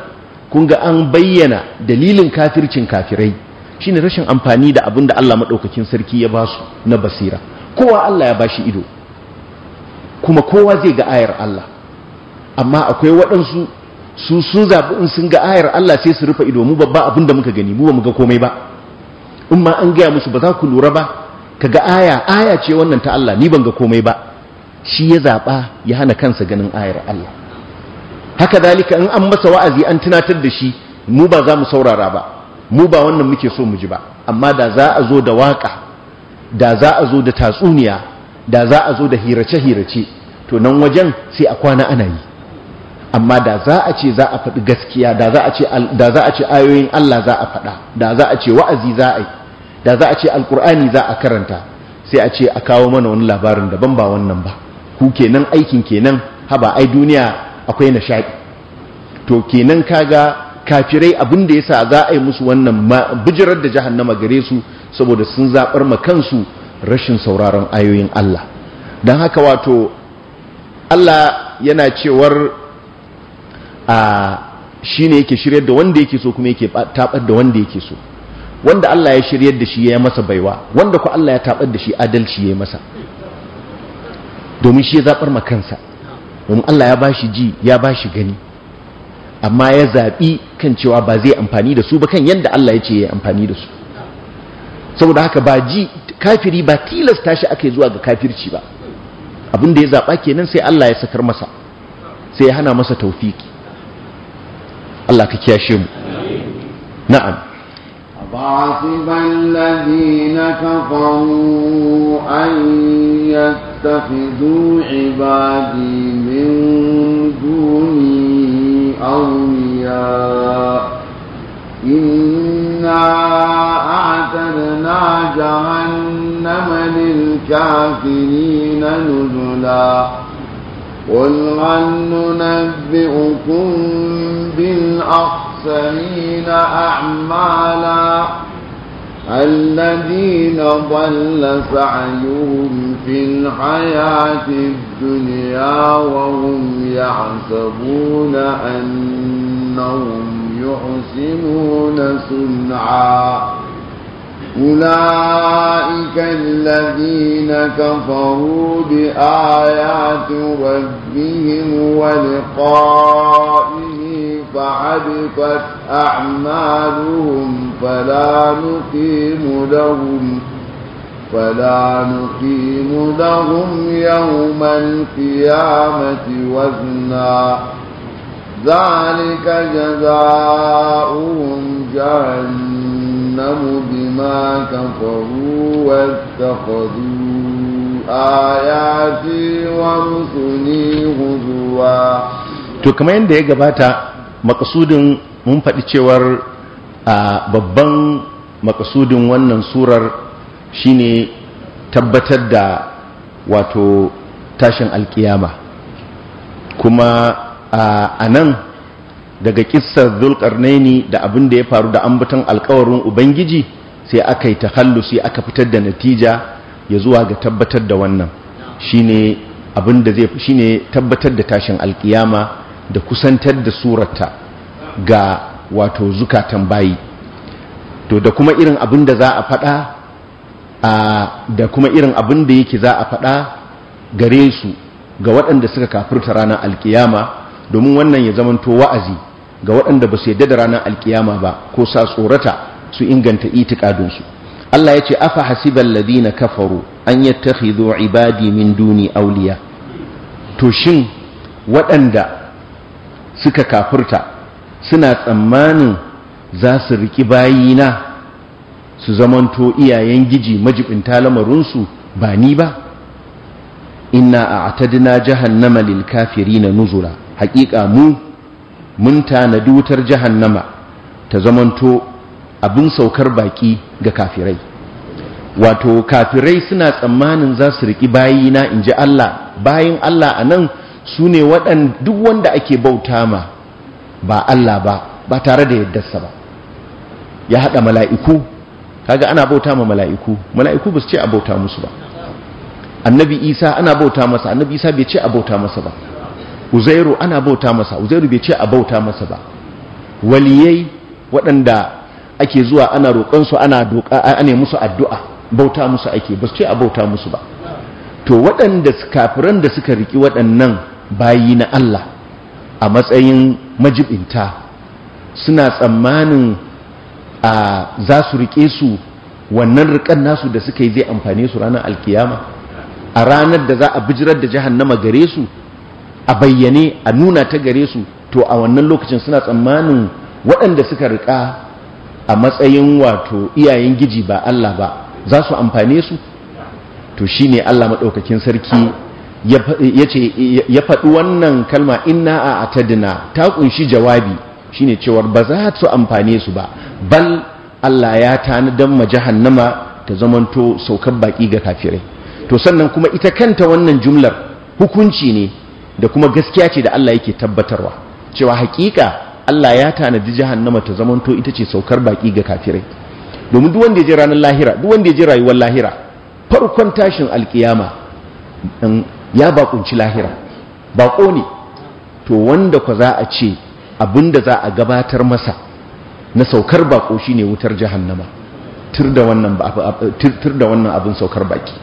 kun ga an bayyana dalilin kafircin kafirai shine rashin amfani da abin da Allah maɗaukakin sarki ya basu na basira kowa Allah ya ba shi ido kuma kowa zai ga ayar Allah amma akwai waɗansu su sun zaɓi in sun ga ayar Allah sai su rufe ido mu babba abin da muka gani mu ba mu ga komai ba in ma an gaya musu ba za ku lura ba ga aya aya ce wannan ta Allah ni ban ga komai ba shi ya zaba ya hana kansa ganin ayar Allah haka dalika in an masa wa'azi an tunatar da shi mu ba za mu saurara ba mu ba wannan muke so mu ji ba amma da za a zo da waka da za a zo da tatsuniya da za a zo da hirace-hirace to nan wajen sai a kwana ana yi amma da za a ce za a faɗi gaskiya da za a ce ayoyin Allah za a faɗa da za a ce wa'azi za a yi da za a ce alkur'ani za a karanta sai a ce a kawo mana wani labarin daban ba wannan ba ku kenan aikin kenan haba ai duniya akwai nishaɗi to kenan kaga kafirai abin da sa za a yi musu wannan bijirar da jahannama gare su saboda sun zaɓar ma kansu rashin sauraron ayoyin Allah don haka wato Allah yana cewar a shine yake shiryar da wanda yake so kuma yake taɓar da wanda yake so wanda Allah ya shiryar da shi ya masa baiwa wanda ku Allah ya tabar da shi adalci ya yi masa domin shi ya zabar makansa domin Allah ya bashi ji ya bashi gani amma ya zaɓi kan cewa ba zai amfani da su ba kan yanda Allah ya ce ya amfani da su saboda haka ba ji kafiri ba tilasta shi aka zuwa ga kafirci ba abin da ya zaba kenan sai Allah ya sakar masa sai ya hana masa taufiki Allah ka kiyashe mu na'am حسب الذين كفروا أن يتخذوا عبادي من دوني أولياء إنا أعتدنا جهنم للكافرين نزلاً قل هل ننبئكم بالأخسرين أعمالا الذين ضل سعيهم في الحياة الدنيا وهم يحسبون أنهم يحسنون صنعا أولئك الذين كفروا بآيات ربهم ولقائه فعبقت أعمالهم فلا نقيم لهم فلا نقيم لهم يوم القيامة وزنا ذلك جزاؤهم جهنم جهنم بما كفروا واتخذوا آياتي ورسلي هزوا to kamar yadda ya gabata makasudin mun faɗi cewar a babban makasudin wannan surar shine tabbatar da wato tashin alkiyama kuma a nan daga kissar zulkarnaini da abin da ya faru da ambaton alkawarin ubangiji sai aka yi tahallusi aka fitar da natija ya zuwa ga tabbatar da wannan shine abin tabbatar da tashin alkiyama da kusantar da surata ga wato zukatan bayi to da kuma irin abin da za a da kuma irin abin da yake za a faɗa gare su ga waɗanda suka kafirta ranar alkiyama domin wannan ya zamanto wa'azi ga waɗanda ba su yadda da ranar alkiyama ba ko sa tsorata su inganta itikadunsu Allah ya ce afa hasiban ladina kafaru an yi yattakhidhu ibadi min duni auliya to shin waɗanda suka kafurta suna tsammanin za su riki bayina su zamanto iyayen giji majibinta lamarinsu ba ni ba inna a a'tadna jahannama lil na nuzula haƙiƙa mu mun tanadi wutar jahannama ta zamanto abin saukar baki ga kafirai wato kafirai suna tsammanin za su riƙi bayina in ji Allah bayin Allah a nan su ne duk wanda ake bauta ma ba Allah ba ba tare da yaddarsa ba ya haɗa mala'iku kaga ana bauta ma mala'iku mala'iku ba su ce a bauta musu ba annabi isa ana bauta masa annabi isa bai ce a bauta masa ba uzairu ana bauta masa uzairu bai ce a bauta masa ba waliyai waɗanda ake zuwa ana roƙonsu ana doka ne musu addu'a bauta musu ake ba su ce a bauta musu ba to waɗanda kafiran da suka riki waɗannan bayi na Allah a matsayin majibinta suna tsammanin a za su riƙe su wannan rikan nasu da suka yi zai amfane su ranar alkiyama a ranar da za a bijirar da jahannama gare su a bayyane a nuna ta gare su to a wannan lokacin suna tsammanin waɗanda suka riƙa a matsayin wato iyayen giji ba Allah ba za su amfane su to shi ne Allah maɗaukakin sarki ya faɗi wannan kalma inna a atadina ta ƙunshi jawabi shi ne cewar ba za su amfane su ba bal Allah ya tanadan majahannama ta zamanto saukar baƙi ga kafirai to sannan kuma ita kanta wannan jumlar hukunci ne da kuma gaskiya ce da Allah yake tabbatarwa cewa hakika Allah ya tanadi jahannama ta zamanto ita ce saukar baƙi ga kafirai domin duk wanda ya je ranar lahira duk wanda ya je rayuwar lahira farkon tashin alkiyama ya baƙunci lahira Baƙo ne to wanda kwa za a ce abinda za a gabatar masa na saukar bako shine wutar jahannama tur da wannan abin saukar baƙi.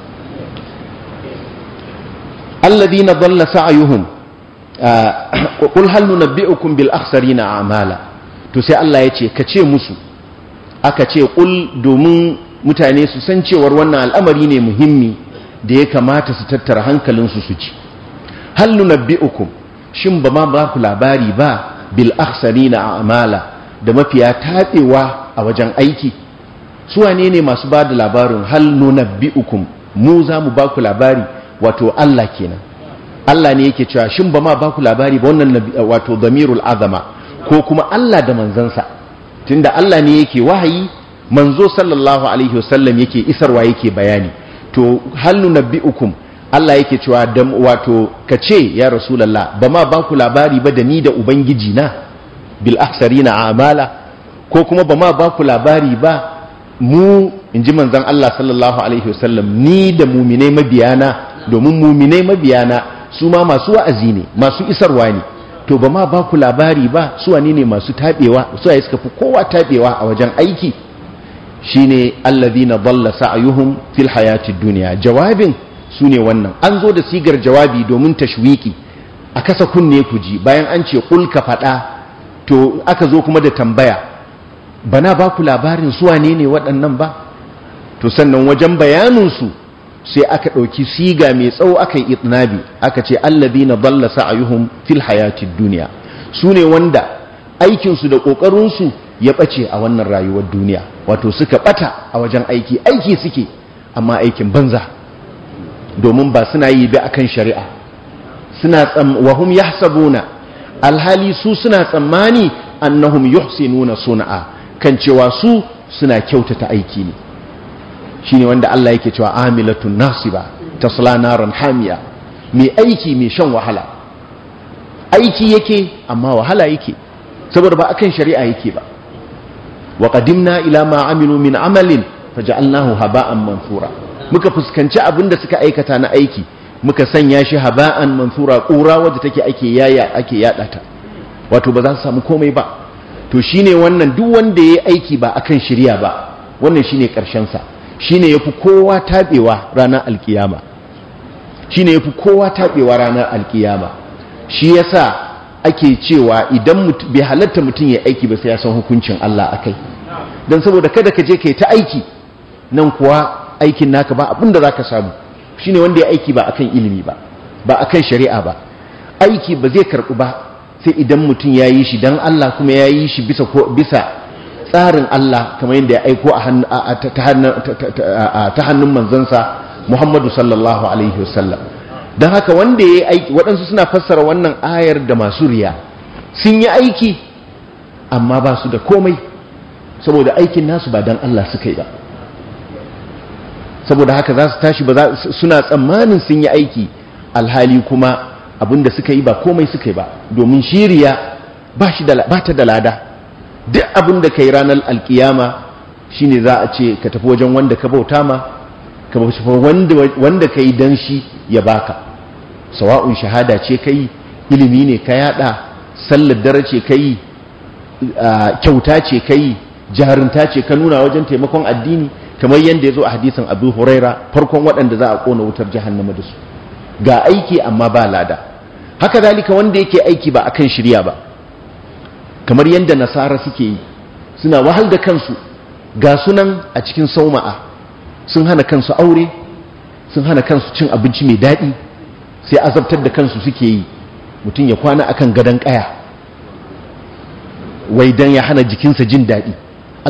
alladhina dhalla sa'yuhum ah, qul hal nunabbi'ukum bil akhsarina a'mala to sai Allah ya ce ka ce musu aka ce ƙul domin mutane su san cewar wannan al'amari ne muhimmi da ya kamata su tattara hankalinsu su ci hal nunabbi'ukum shin ba ma ba ku labari ba bil a a'mala da mafiya taɓewa a wajen aiki su wanene ne masu ba da labarin hal nunabbi'ukum mu za mu ba ku labari wato Allah kenan Allah ne yake cewa shin ba ma ku labari ba wannan wato damirul azama ko kuma Allah da manzansa tunda Allah ne yake wahayi manzo sallallahu alaihi wasallam yake isarwa yake bayani to halu nabi'ukum Allah yake cewa wato ka ce ya rasulullah ba ma ba ku labari ba da ni da ubangiji na bil aksarina amala ko kuma ba ma ba ku labari ba mu inji ji manzan Allah sallallahu alaihi wasallam ni da muminai mabiyana domin muminai mabiyana su ma masu wa'azi ne masu isarwa ne to ba ma ba ku labari ba su wani ne masu taɓewa su a suka fi kowa taɓewa a wajen aiki Shi ne shine na balla sa'ayuhun fil hayatid duniya. jawabin su ne wannan an zo da sigar jawabi domin tashwiki a kasa kunne ku ji bayan an ce kulka faɗa to aka zo kuma da tambaya bana ba ku labarin su wane ne waɗannan ba to sannan wajen bayaninsu sai aka ɗauki siga mai tsawo aka yi itinabi aka ce allabi na balla sa'ayuhun fil hayatid duniya su ne wanda aikinsu da ƙoƙarinsu ya ɓace a wannan rayuwar duniya wato suka ɓata a wajen aiki aiki suke amma aikin banza domin ba suna yi bi akan shari'a suna tsam wahum yahsabuna alhali su suna tsammani annahum yuhsinuna sun'a kan cewa su suna kyautata aiki ne Shi ne wanda Allah yake cewa amilatun nasiba ta naran hamiya mai aiki mai shan wahala aiki yake amma wahala yake saboda ba akan shari'a yake ba wa qadimna ila ma amilu min amalin faj'alnahu haba'an mansura muka fuskanci abin da suka aikata na aiki muka sanya shi haba'an mansura kura wadda take ake yaya ake yada ta wato ba za su samu komai ba to shine wannan duk wanda ya yi aiki ba akan shirya ba wannan shine karshen sa shine yafi kowa taɓewa ranar alkiyama shine yafi kowa taɓewa ranar alkiyama shi yasa ake cewa idan bai halatta mutum ya aiki ba sai ya san hukuncin Allah akai dan saboda kada ka je kai ta aiki nan kuwa aikin naka ba abinda zaka samu shine wanda ya aiki ba akan ilimi ba ba a kan shari'a ba aiki ba zai karbu ba sai idan mutum ya yi shi don Allah kuma ya yi shi bisa tsarin Allah kamar yadda ya aiko ta hannun manzansa Muhammadu sallallahu alaihi wasallam don haka wanda ya yi aiki waɗansu suna fassara wannan ayar da masu riya sun yi aiki amma ba su da komai saboda aikin nasu ba don Allah suka yi ba saboda haka za su tashi ba suna tsammanin sun yi aiki alhali kuma abinda suka yi ba komai suka yi ba domin shiriya ba ta da lada duk abin da kai ranar alkiyama shine za a ce ka tafi wajen wanda ka bauta ma ka bauta wanda ka yi dan shi ya baka sawa'un shahada ce ka yi ilimi ne ka yada sallar dare ce ka yi kyauta ce ka yi ce ka nuna wajen taimakon addini kamar yadda ya zo a hadisin abu huraira farkon waɗanda za a ƙona wutar jahannama da su ga aiki amma ba lada haka zalika wanda yake aiki ba akan shirya ba kamar yadda nasara suke yi suna wahal da kansu ga sunan a cikin sauma'a sun hana kansu aure sun hana kansu cin abinci mai daɗi sai azabtar da kansu suke yi mutum ya kwana akan gadon ƙaya wai don ya hana jikinsa jin daɗi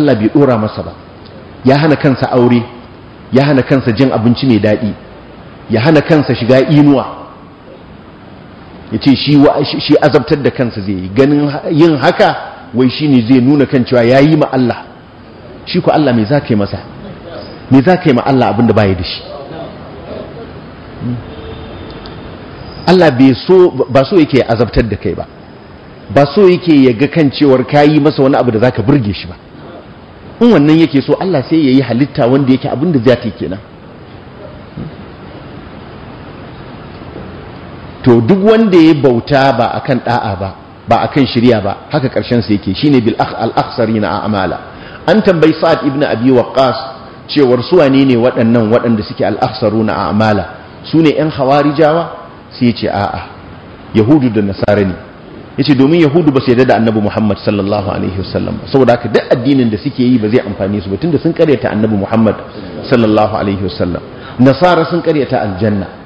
allah bai ɗora masa ba ya hana kansa aure ya hana kansa jin abinci mai daɗi ya hana kansa shiga inuwa ya ce shi azabtar da kansa zai yi ganin yin haka wai shi ne zai nuna kan cewa ya yi ma Allah shi ku Allah mai za ka yi masa mai za ka yi ma Allah abinda baya da shi Allah ba so yake azabtar da kai ba ba so yake ya ga kan cewar ka yi masa wani abu da za ka burge shi ba in wannan yake so Allah sai ya yi halitta wanda yake abinda za ta yi kenan to duk wanda ya bauta ba akan ɗa'a ba ba akan shirya ba haka karshen sa yake shine bil al na a'mala an tambayi sa'ad ibn abi waqqas cewar su wane ne waɗannan waɗanda suke al na a'mala ne yan jawa sai ya ce a'a yahudu da nasara ne yace domin yahudu ba su yarda da annabi muhammad sallallahu alaihi wasallam saboda haka duk addinin da suke yi ba zai amfane su ba tunda sun karyata annabi muhammad sallallahu alaihi wasallam nasara sun karyata aljanna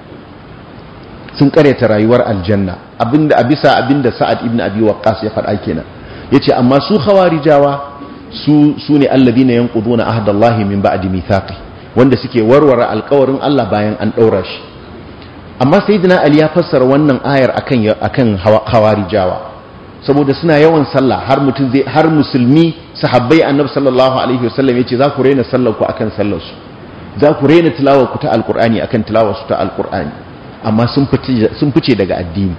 sun karyata rayuwar aljanna abinda bisa abinda sa'ad ibn abi waqqas ya faɗa kenan yace amma su khawarijawa su sune alladina yanquduna ahdallahi min ba'di mithaqi wanda suke warware alƙawarin Allah bayan an daura shi amma sayyidina ali ya fassara wannan ayar akan akan khawarijawa saboda suna yawan sallah har mutun zai har musulmi sahabbai annabi sallallahu alaihi wasallam yace za ku raina sallar ku akan sallar su za ku raina tilawar ku ta alqur'ani akan tilawar su ta alqur'ani amma sun fice daga addini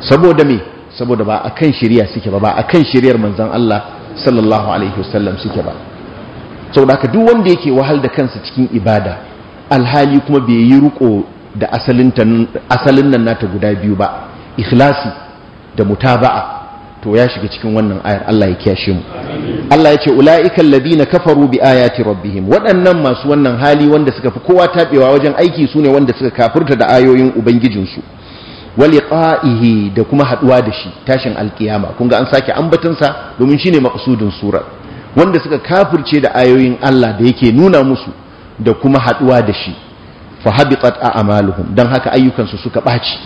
saboda me saboda ba a kan shari'a suke ba ba a kan shari'ar manzon Allah sallallahu alaihi wasallam suke ba sau haka duk wanda yake wahal da kansa cikin ibada alhali kuma bai yi riko da asalin nan nata guda biyu ba ikhlasi da mutaba'a to ya shiga cikin wannan ayar Allah ya kiyashe mu Allah ya ce ula'ikal ladina kafaru bi ayati rabbihim waɗannan masu wannan hali wanda suka fi kowa tabewa wajen aiki sune wanda suka kafurta da ayoyin ubangijin su waliqa'ihi da kuma haduwa da shi tashin alkiyama kun ga an sake ambatun sa domin shine maqsudin surar wanda suka kafirce da ayoyin Allah da yake nuna musu da kuma haduwa da shi fa habitat a'maluhum dan haka ayyukan su suka ɓaci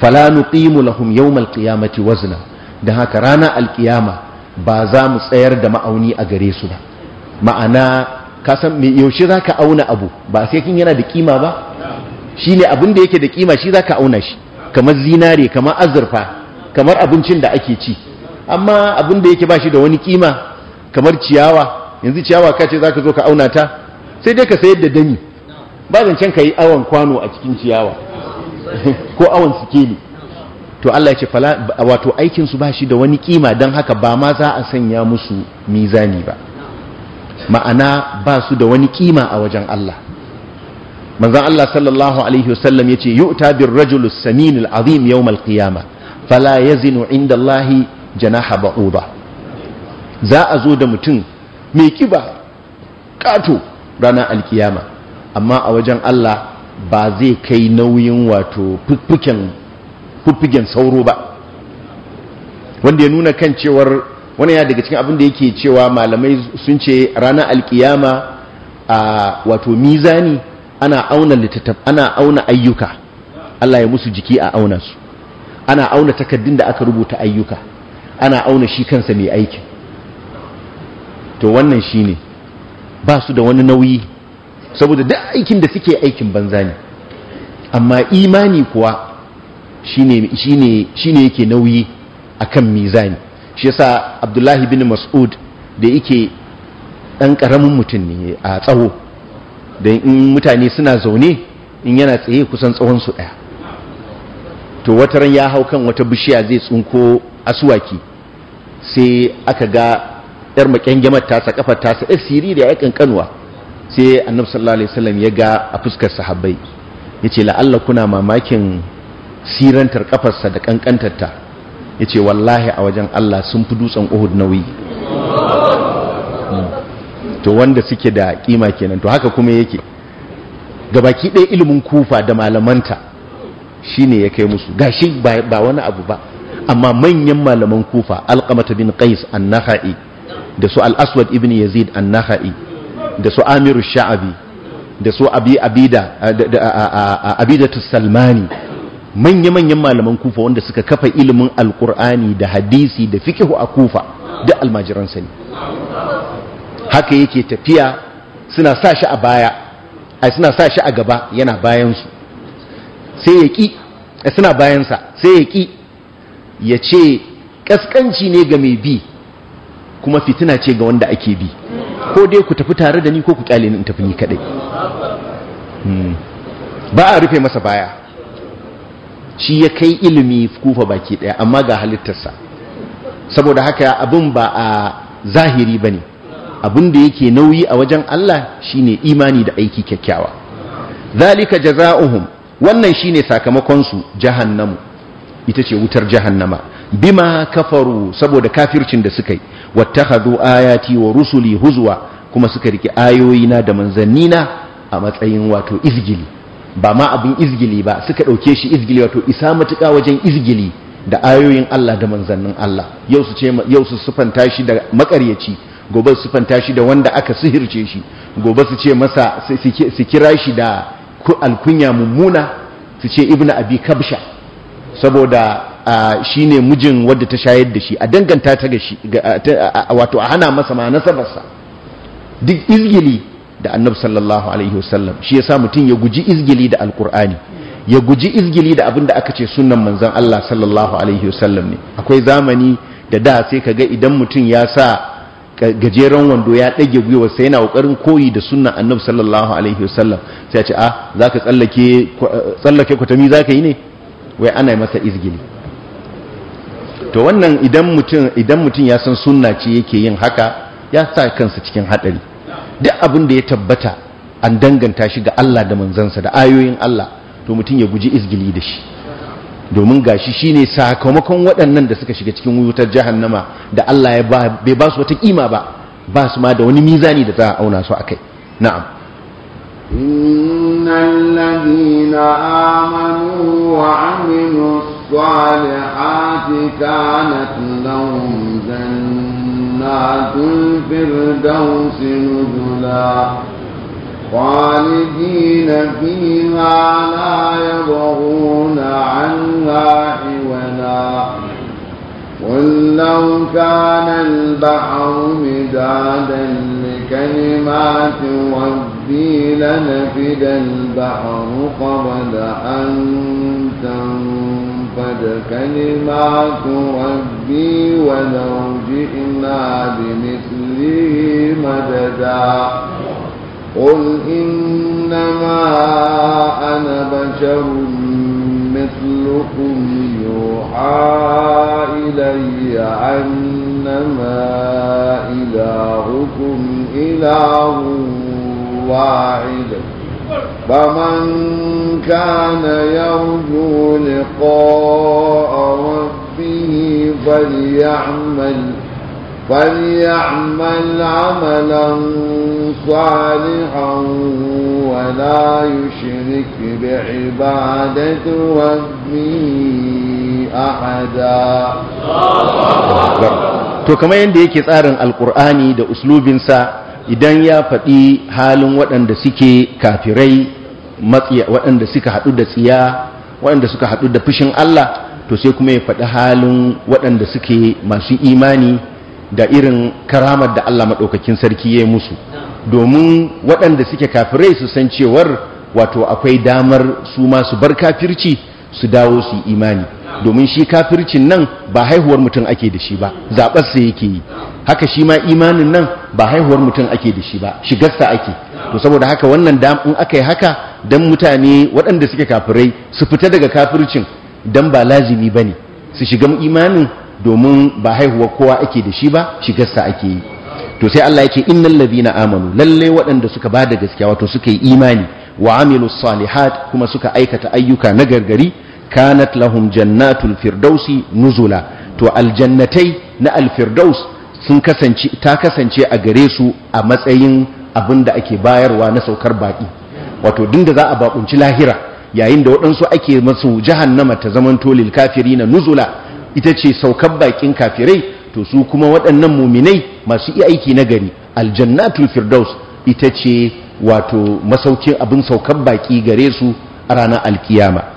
fala nuqimu lahum yawmal qiyamati wazna don haka rana alkiyama ba za mu tsayar da ma'auni a gare su ba ma'ana kasan mai yaushe za ka auna abu ba sai kin yana da kima ba shi ne abin da yake da kima shi za ka auna shi kamar zinare kamar azurfa kamar abincin da ake ci amma abin da yake ba shi da wani kima kamar ciyawa yanzu ciyawa ka ce za ka zo ka auna ta sai dai ka sayar da dami ba zancen ka yi awon kwano a cikin ciyawa ko awon sikeli to Allah ya ce wato aikinsu ba shi da wani kima don haka ba ma za a sanya musu mizani ba ma'ana ba su da wani kima a wajen Allah manzan Allah sallallahu alaihi wasallam ya ce yu'ta bir rajul samin azim yawm al-qiyama fala yazinu inda Allah janaha ba, za a zo da mutum mai kiba kato ranar alkiyama amma a wajen Allah ba zai kai nauyin wato fuffuken fuffigen sauro ba wanda ya nuna kan cewar wani ya daga cikin abin da yake cewa malamai sun ce ranar alkiyama a wato mizani ana auna littattaf ana auna ayyuka Allah ya musu jiki a auna su ana auna takardun da aka rubuta ayyuka ana auna shi kansa mai aiki to wannan shine ba su da wani nauyi saboda duk aikin da suke aikin banza ne amma imani kuwa Shi ne yake nauyi a kan mizani shi yasa abdullahi bin mas'ud da yake ɗan ƙaramin mutum ne a tsawo da in mutane suna zaune in yana tsaye kusan tsawonsu ɗaya to wata ran ya hau kan wata bishiya zai tsunko asuwaki sai aka ga yar makyangyamar tasa kafar tasa yar siri da ya kankanuwa sai annabi sallallahu alaihi ya ga a fuskar sahabbai yace la'alla kuna mamakin sirantar kafarsa da kankantarta ya ce wallahi a wajen Allah sun fi dutsen uhud nauyi hmm. to wanda suke da kima kenan to haka kuma yake gabaki ɗaya ilimin kufa da malamanta shi ne ya kai musu gashi ba wani abu ba amma manyan malaman kufa alkamata bin qais an-naha'i da su al ibn yazid an-naha'i da su amiru sha'abi da su abida abidatu salmani manya-manyan malaman kufa wanda suka kafa ilimin alkur'ani da hadisi da fikihu a kufa da almajiransa ne haka yake tafiya suna sa shi a baya a suna sa shi a gaba yana bayansu sai ya ƙi suna bayansa sai ya ƙi ya ce ƙasƙanci ne ga mai bi kuma fitina ce ga wanda ake bi ko dai ku tafi tare da ni ko ku kyale ni in tafi ni kadai hmm. ba a rufe masa baya shi ya kai ilimi kufa baki daya amma ga halittarsa saboda haka abin ba a zahiri ba ne, abin da yake nauyi a wajen Allah shine imani da aiki kyakkyawa zalika jazaohum wannan shine sakamakon su jahannamu ita ce wutar jahannama bima kafaru saboda kafircin da suka yi wattakhadhu ayati wa rusuli huzwa kuma suka rike ayoyina da manzannina a matsayin wato izgili ba ma abin izgili ba suka ɗauke shi izgili wato isa matuƙa wajen izgili da ayoyin Allah da manzannin Allah yau su ce yau su sufanta shi da makaryaci gobe su sufanta shi da wanda aka sihirce shi gobe su ce masa su kira shi da alkunya mummuna su ce ibnu abi kabsha saboda shine mijin wadda ta shayar da shi a danganta ta ga shi wato a hana masa ma nasabarsa duk izgili da annabi sallallahu alaihi wasallam shi yasa mutum ya guji izgili da alkur'ani ya guji izgili da abin da aka ce sunnan manzon Allah sallallahu alaihi wasallam ne akwai zamani da da sai kaga idan mutum ya sa gajeren wando ya dage gwiwa sai yana kokarin koyi da sunnan annabi sallallahu alaihi wasallam sai ya ce ah zaka tsallake tsallake kwatami zaka yi ne wai ana masa izgili to wannan idan mutum idan mutum ya san sunna ce yake yin haka ya sa kansa cikin hadari duk abin da ya tabbata an danganta shi ga Allah da manzansa da ayoyin Allah to mutum ya guji izgili da shi domin gashi shine sakamakon waɗannan da suka shiga cikin wutar jahannama da Allah ya ba bai ba su wata kima ba ba su ma da wani mizani da za a auna su akai na'am innal ladina amanu wa amilus salihati kanat lahum جنات الفردوس نزلا خالدين فيها لا يبغون عنها حولا قل لو كان البحر مدادا لكلمات ربي لنفد البحر قبل أن تنفد قد كلمات ربي ولو جئنا بمثله مددا قل إنما أنا بشر مثلكم يوحى إلي أنما إلهكم إله واحد فمن كان يرجو لقاء ربه فليعمل فليعمل عملا صالحا ولا يشرك بعبادة ربه أحدا to kamar yadda yake tsarin دا أسلوب uslubinsa idan ya faɗi halin waɗanda suke kafirai waɗanda suka haɗu da tsiya waɗanda suka haɗu da fushin Allah to sai kuma ya faɗi halin waɗanda suke masu imani da irin karamar da Allah maɗaukakin sarki ya yi musu domin waɗanda suke kafirai su san cewar wato akwai damar su masu bar kafirci su dawo su imani domin shi kafircin nan ba haihuwar mutum ake da shi ba zaɓarsa yake yi haka shi ma imanin nan ba haihuwar mutum ake da shi ba shigarsa ake to saboda haka wannan damun aka yi haka don mutane waɗanda suke kafirai su fita daga kafircin don ba lazimi ba ne su shiga imanin domin ba haihuwar kowa ake da shi ba shigarsa ake yi to sai Allah yake innal ladina amanu lalle waɗanda suka bada da gaskiya wato suka yi imani wa amilus salihat kuma suka aikata ayyuka na gargari كانت لهم jannatul firdausi nuzula to aljannatai na alfirdaus sun kasance ta kasance a gare su a matsayin abin da ake bayarwa na saukar baƙi. wato dinda za a bakunci lahira yayin da waɗansu ake masu jahannama ta zaman tolil kafiri na nuzula ita ce saukar baƙin kafirai to su kuma waɗannan muminai masu iya aiki na gari aljannatul firdaus ita ce wato masaukin abin saukar baƙi gare su a ranar alkiyama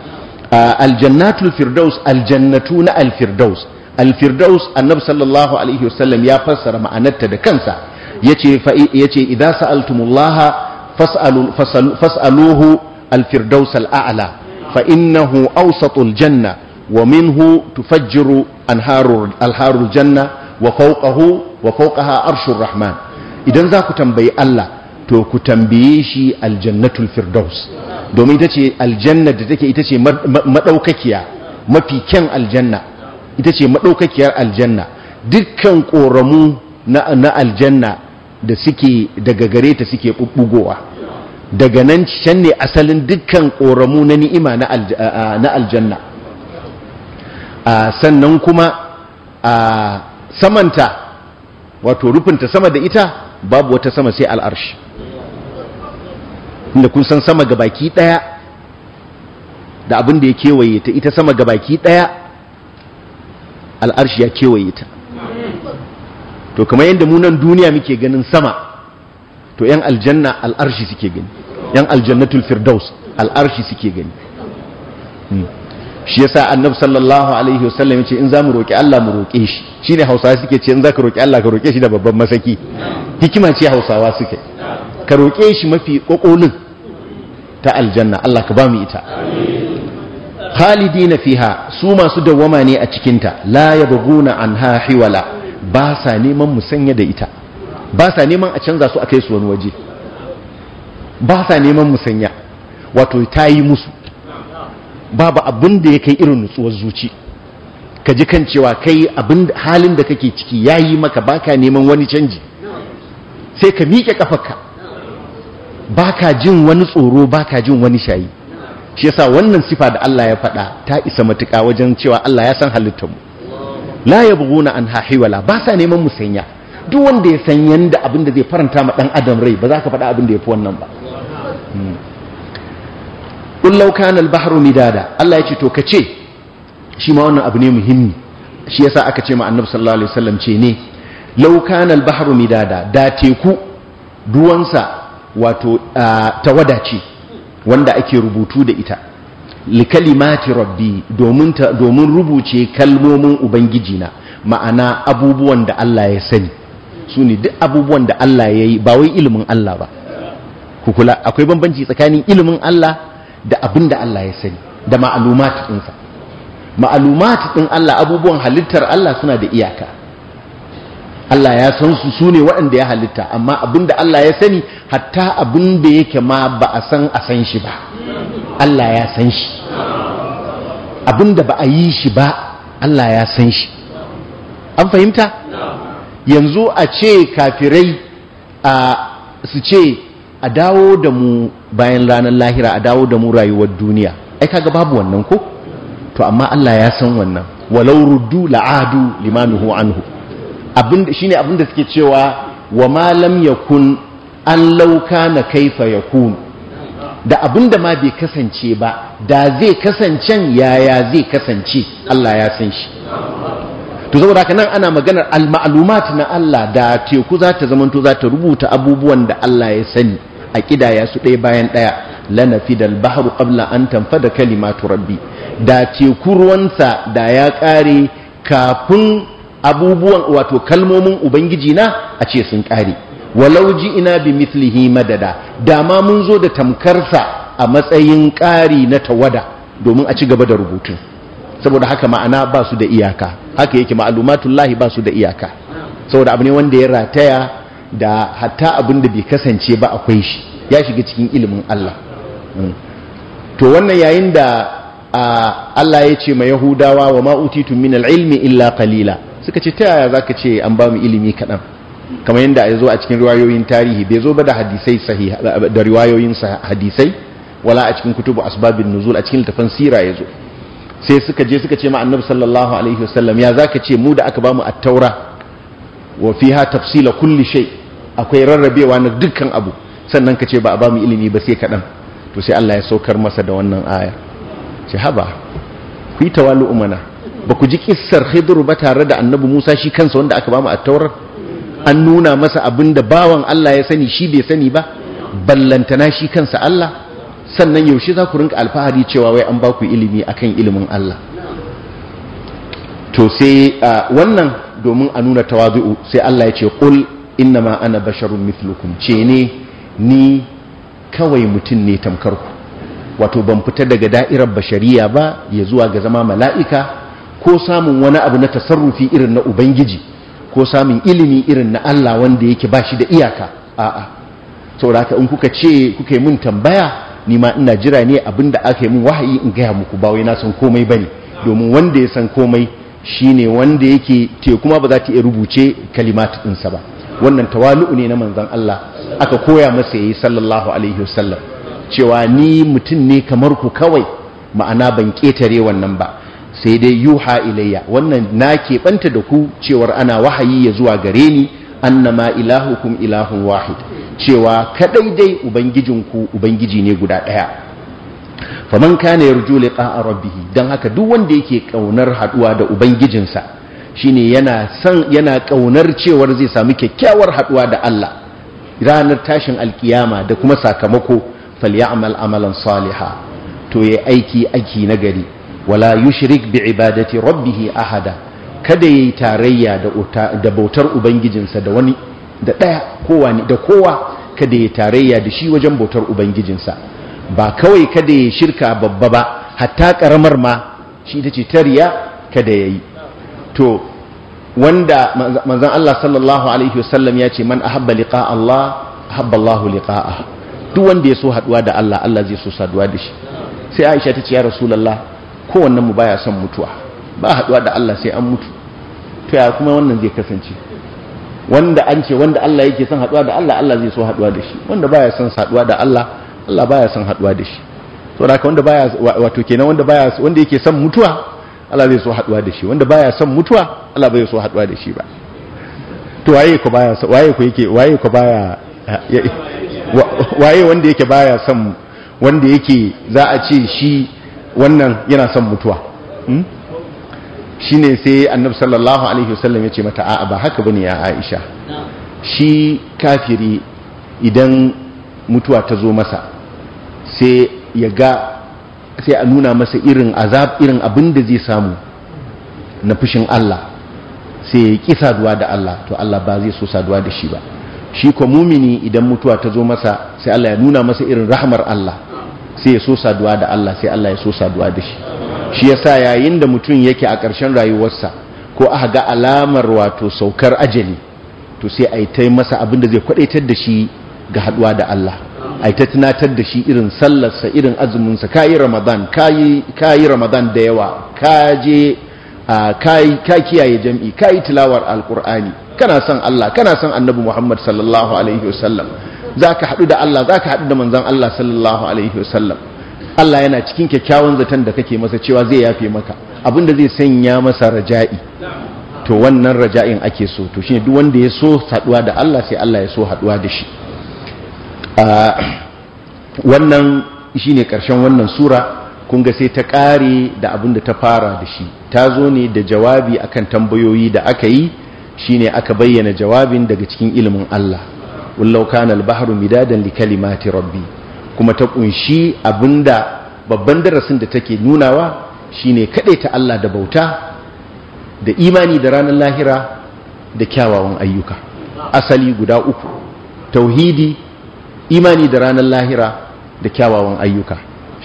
aljannatul firdaus aljannatu na alfirdaus alfirdaus annabi sallallahu ya fassara ma'anarta da kansa yace yace idza sa'altumullaha fas'aluhu alfirdaus ala fa innahu awsatul janna wa minhu tufajjiru anharul janna wa fawqahu wa fawqaha arshur rahman idan za ku tambayi Allah to ku tambaye shi aljannatul firdaus domin ita ce aljanna da take ita ce madaukakiya mafi kyan aljanna ita ce madaukakiyar aljanna dukkan ƙoramu na aljanna da suke daga gare ta suke bubbugowa daga nan can ne asalin dukkan koramu na ni'ima na aljanna sannan kuma a samanta wato rufinta sama da ita babu wata sama sai al'arshi inda kun san sama gabaki daya da abin da ya kewaye ta ita sama gabaki daya al'arshi ya kewaye ta to kamar yadda mu nan duniya muke ganin sama to yan aljanna al'arshi suke gani yan aljannatul firdaus al'arshi suke gani hmm. shi yasa annab sallallahu alaihi wasallam yace in za mu roki Allah mu roke shi shine hausawa suke ce in za ka roki Allah ka roke shi da babban masaki hikima ce hausawa suke ka roke shi mafi kokolin ta aljanna Allah ka ba mu ita khalidina fiha su masu dawwama ne a cikinta la yabghuna anha hiwala ba sa neman musanya da ita ba sa neman a canza su a kai su wani waje ba sa neman musanya wato ta yi musu babu abin da ya kai irin nutsuwar zuci ka ji kan cewa kai abin halin da kake ciki yayi maka baka neman wani canji sai ka miƙe kafarka baka jin wani tsoro baka jin wani shayi shi yasa wannan sifa da Allah ya faɗa ta isa matuƙa wajen cewa Allah ya san halittar mu la yabghuna an hahiwala ba sa neman musanya duk wanda ya san yanda abin da zai faranta ma dan adam rai ba za ka faɗa abin da yafi wannan ba kullau hmm. kana al-bahru midada Allah ya ce to kace shi ma wannan abu ne muhimmi shi yasa aka ce ma annabi sallallahu alaihi wasallam ce ne law kana al-bahru midada da teku duwansa wato tawada ce wanda ake rubutu da ita likalimati rabbi domin domin rubuce kalmomin ubangiji na ma'ana abubuwan da Allah ya sani su ne duk abubuwan da Allah ya yi ba wai ilimin Allah ba kukula akwai bambanci tsakanin ilimin Allah da abin da Allah ya sani da ma'alumat ɗinsa ma'alumatu ɗin Allah abubuwan halittar Allah suna da iyaka Allah ya san su su ne waɗanda ya halitta amma abinda Allah ya sani hatta abinda yake ma ba a san a san shi ba Allah ya san shi abinda ba a yi shi ba Allah ya san shi an fahimta yanzu a ce kafirai a su ce a dawo da mu bayan ranar lahira a dawo da mu rayuwar duniya ai kaga babu wannan ko to amma Allah ya san wannan walau ruddu la'adu limanuhu anhu shine abin da suke cewa wa malam lam yakun an lauka na kaifa ya yakun da abin ma bai kasance ba da zai kasancen yaya zai kasance Allah ya san shi to saboda haka nan ana maganar al-ma'lumat na Allah da teku za ta zamanto za ta rubuta abubuwan da Allah ya sani a kidaya su ɗaya bayan ɗaya lanafidal bahru qabla an tanfada kalimatu rabbi da teku ruwansa da ya kare kafin abubuwan wato kalmomin ubangiji na a ce sun ƙare walau ina bi mislihi madada dama mun zo da tamkarsa a matsayin ƙari na tawada domin a ci gaba da rubutun saboda haka ma'ana ba su da iyaka haka yake ma'alumatullahi ba su da iyaka saboda abu ne wanda ya rataya da hatta abin da bai kasance ba akwai shi ya shiga cikin ilimin Allah mm. to wannan yayin da Allah ya ce ma Yahudawa wa ma'utitu tun min al-ilmi illa qalila suka ce ta yaya za ka ce an ba mu ilimi kaɗan kamar yadda a zo a cikin riwayoyin tarihi bai zo ba da hadisai da riwayoyin hadisai wala a cikin kutubu asbabin nuzul a cikin littafin sira ya zo sai suka je suka ce ma annabi sallallahu alaihi wasallam ya zaka ce mu da aka bamu at-taura wa fiha tafsila kulli shay akwai rarrabewa na dukkan abu sannan ka ce ba a bamu ilimi ba sai kaɗan to sai Allah ya saukar masa da wannan aya ce haba ku yi umana ba ku ji kissar khidru ba tare da annabi musa shi kansa wanda aka ba mu a taurar an nuna masa abin da bawan allah ya sani shi bai sani ba ballantana shi kansa allah sannan yaushe za ku rinka alfahari cewa wai an ba ku ilimi kan ilimin allah to sai wannan domin a nuna tawazu'u sai allah ya ce inna ma ana basharun mithlukum ce ne ni kawai mutum ne tamkar ku wato ban fita daga da'irar bashariya ba ya zuwa ga zama mala'ika ko samun wani abu na tasarrufi irin na ubangiji ko samun ilimi irin na Allah wanda yake ba shi da iyaka a'a saboda haka in kuka ce kuka yi mun tambaya ni ma ina jira ne abinda aka yi mun wahayi in gaya muku ba wai na san komai bane domin wanda ya san komai shine wanda yake te kuma ba za ta iya rubuce kalimatu ɗinsa ba wannan tawalu'u ne na manzon Allah aka koya masa yayi sallallahu alaihi wasallam cewa ni mutum ne kamar ku kawai ma'ana ban ketare wannan ba sai dai yuha ilayya wannan na keɓanta da ku cewar ana wahayi ya zuwa gare ni annama ilahukum ilahun wahid cewa kadai dai ubangijinku ubangiji ne guda ɗaya faman kana yarju a rabbih dan haka duk wanda yake ƙaunar haɗuwa da ubangijinsa shine yana san yana kaunar cewar zai samu kyakkyawar haɗuwa da Allah ranar tashin alkiyama da kuma sakamako falyamal amalan saliha to yayi aiki aiki na gari. wala yushrik bi ibadati rabbih ahada kada yayi tarayya da bautar ubangijinsa da wani da daya kowa ne da kowa kada yayi tarayya da shi wajen bautar ubangijinsa ba kawai kada yayi shirka babba ba hatta karamar ma shi tace tariya kada yayi to wanda manzon Allah sallallahu alaihi wasallam ya ce man ahabba liqa Allah ahabba Allah liqa'ahu duk wanda ya so haduwa da Allah Allah zai so saduwa da shi sai Aisha ta ce ya Rasulullah kowannen mu baya son mutuwa ba haduwa da Allah sai an mutu to ya kuma wannan zai kasance wanda an ce wanda Allah yake son haduwa da Allah Allah zai so haduwa da shi wanda baya son haduwa da Allah Allah baya son haduwa da shi to da wanda baya wato kenan wanda baya wanda yake son mutuwa Allah zai so haduwa da shi wanda baya son mutuwa Allah bai so haduwa da shi ba to waye ku baya waye ku yake waye ku baya waye wanda yake baya son wanda yake za a ce shi wannan yana son mutuwa hmm? shi ne sai annabi sallallahu alaihi wasallam ya ce mata a ba haka bane ya Aisha shi kafiri idan mutuwa ta zo masa sai ya ga sai a nuna masa irin azab irin abin da zai samu na fushin Allah sai ya ƙi saduwa da Allah to Allah ba zai so saduwa da shi ba shi ko mumini idan mutuwa ta zo masa sai Allah ya nuna masa irin rahmar Allah sai ya so saduwa da Allah sai Allah ya so saduwa da shi shi yasa yayin da mutum yake a ƙarshen rayuwarsa ko aka ga alamar wato saukar ajali to sai a yi ta masa abin da zai kwadaitar da shi ga haduwa da Allah a yi ta tunatar da shi irin sallarsa irin azuminsa ka yi ramadan ka yi ramadan da yawa ka je ka kiyaye jam'i ka yi tilawar alkur'ani kana son Allah kana son annabi Muhammad sallallahu alaihi wasallam za ka haɗu da Allah za ka haɗu da manzan Allah sallallahu alaihi wasallam Allah yana cikin kyakkyawan zaton da kake masa cewa zai yafe maka abinda zai sanya masa raja'i to wannan raja'in ake so to shine duk wanda ya so haɗuwa da Allah sai Allah ya so haɗuwa da shi ah, wannan shine ƙarshen wannan sura kun ga sai ta ƙare da abin da ta fara da shi ta zo ne da jawabi akan tambayoyi da aka yi shine aka bayyana jawabin daga cikin ilimin Allah wallau kana midadan li kalimati rabbi kuma ta kunshi abinda babban darasin da take nunawa shine ta Allah da bauta da imani da ranar lahira da kyawawan ayyuka asali guda uku tauhidi imani da ranar lahira da kyawawan ayyuka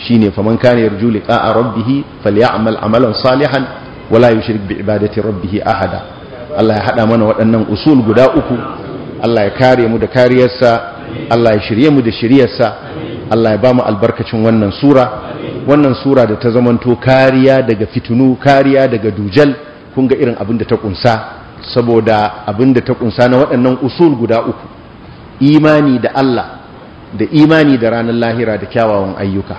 shine faman kana yarju liqa'a rabbih falyamal amalan salihan wala yushrik bi ibadati rabbih ahada Allah ya haɗa mana waɗannan usul guda uku Allah ya kare mu da kariyarsa Allah ya shirye mu da shiryarsa Allah ya ba mu albarkacin wannan sura wannan sura da ta zamanto kariya daga fitinu kariya daga dujal kun ga irin abin da ta kunsa saboda abin da ta kunsa na waɗannan usul guda uku imani da Allah da imani da ranar lahira da kyawawan ayyuka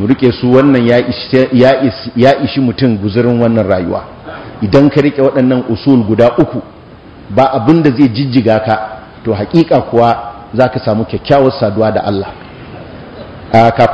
mu rike su wannan ya ishi mutum guzurin wannan rayuwa idan ka rike waɗannan usul guda uku ba abin da zai jijjiga ka to haƙiƙa kuwa za ka samu kyakkyawar saduwa da Allah ah,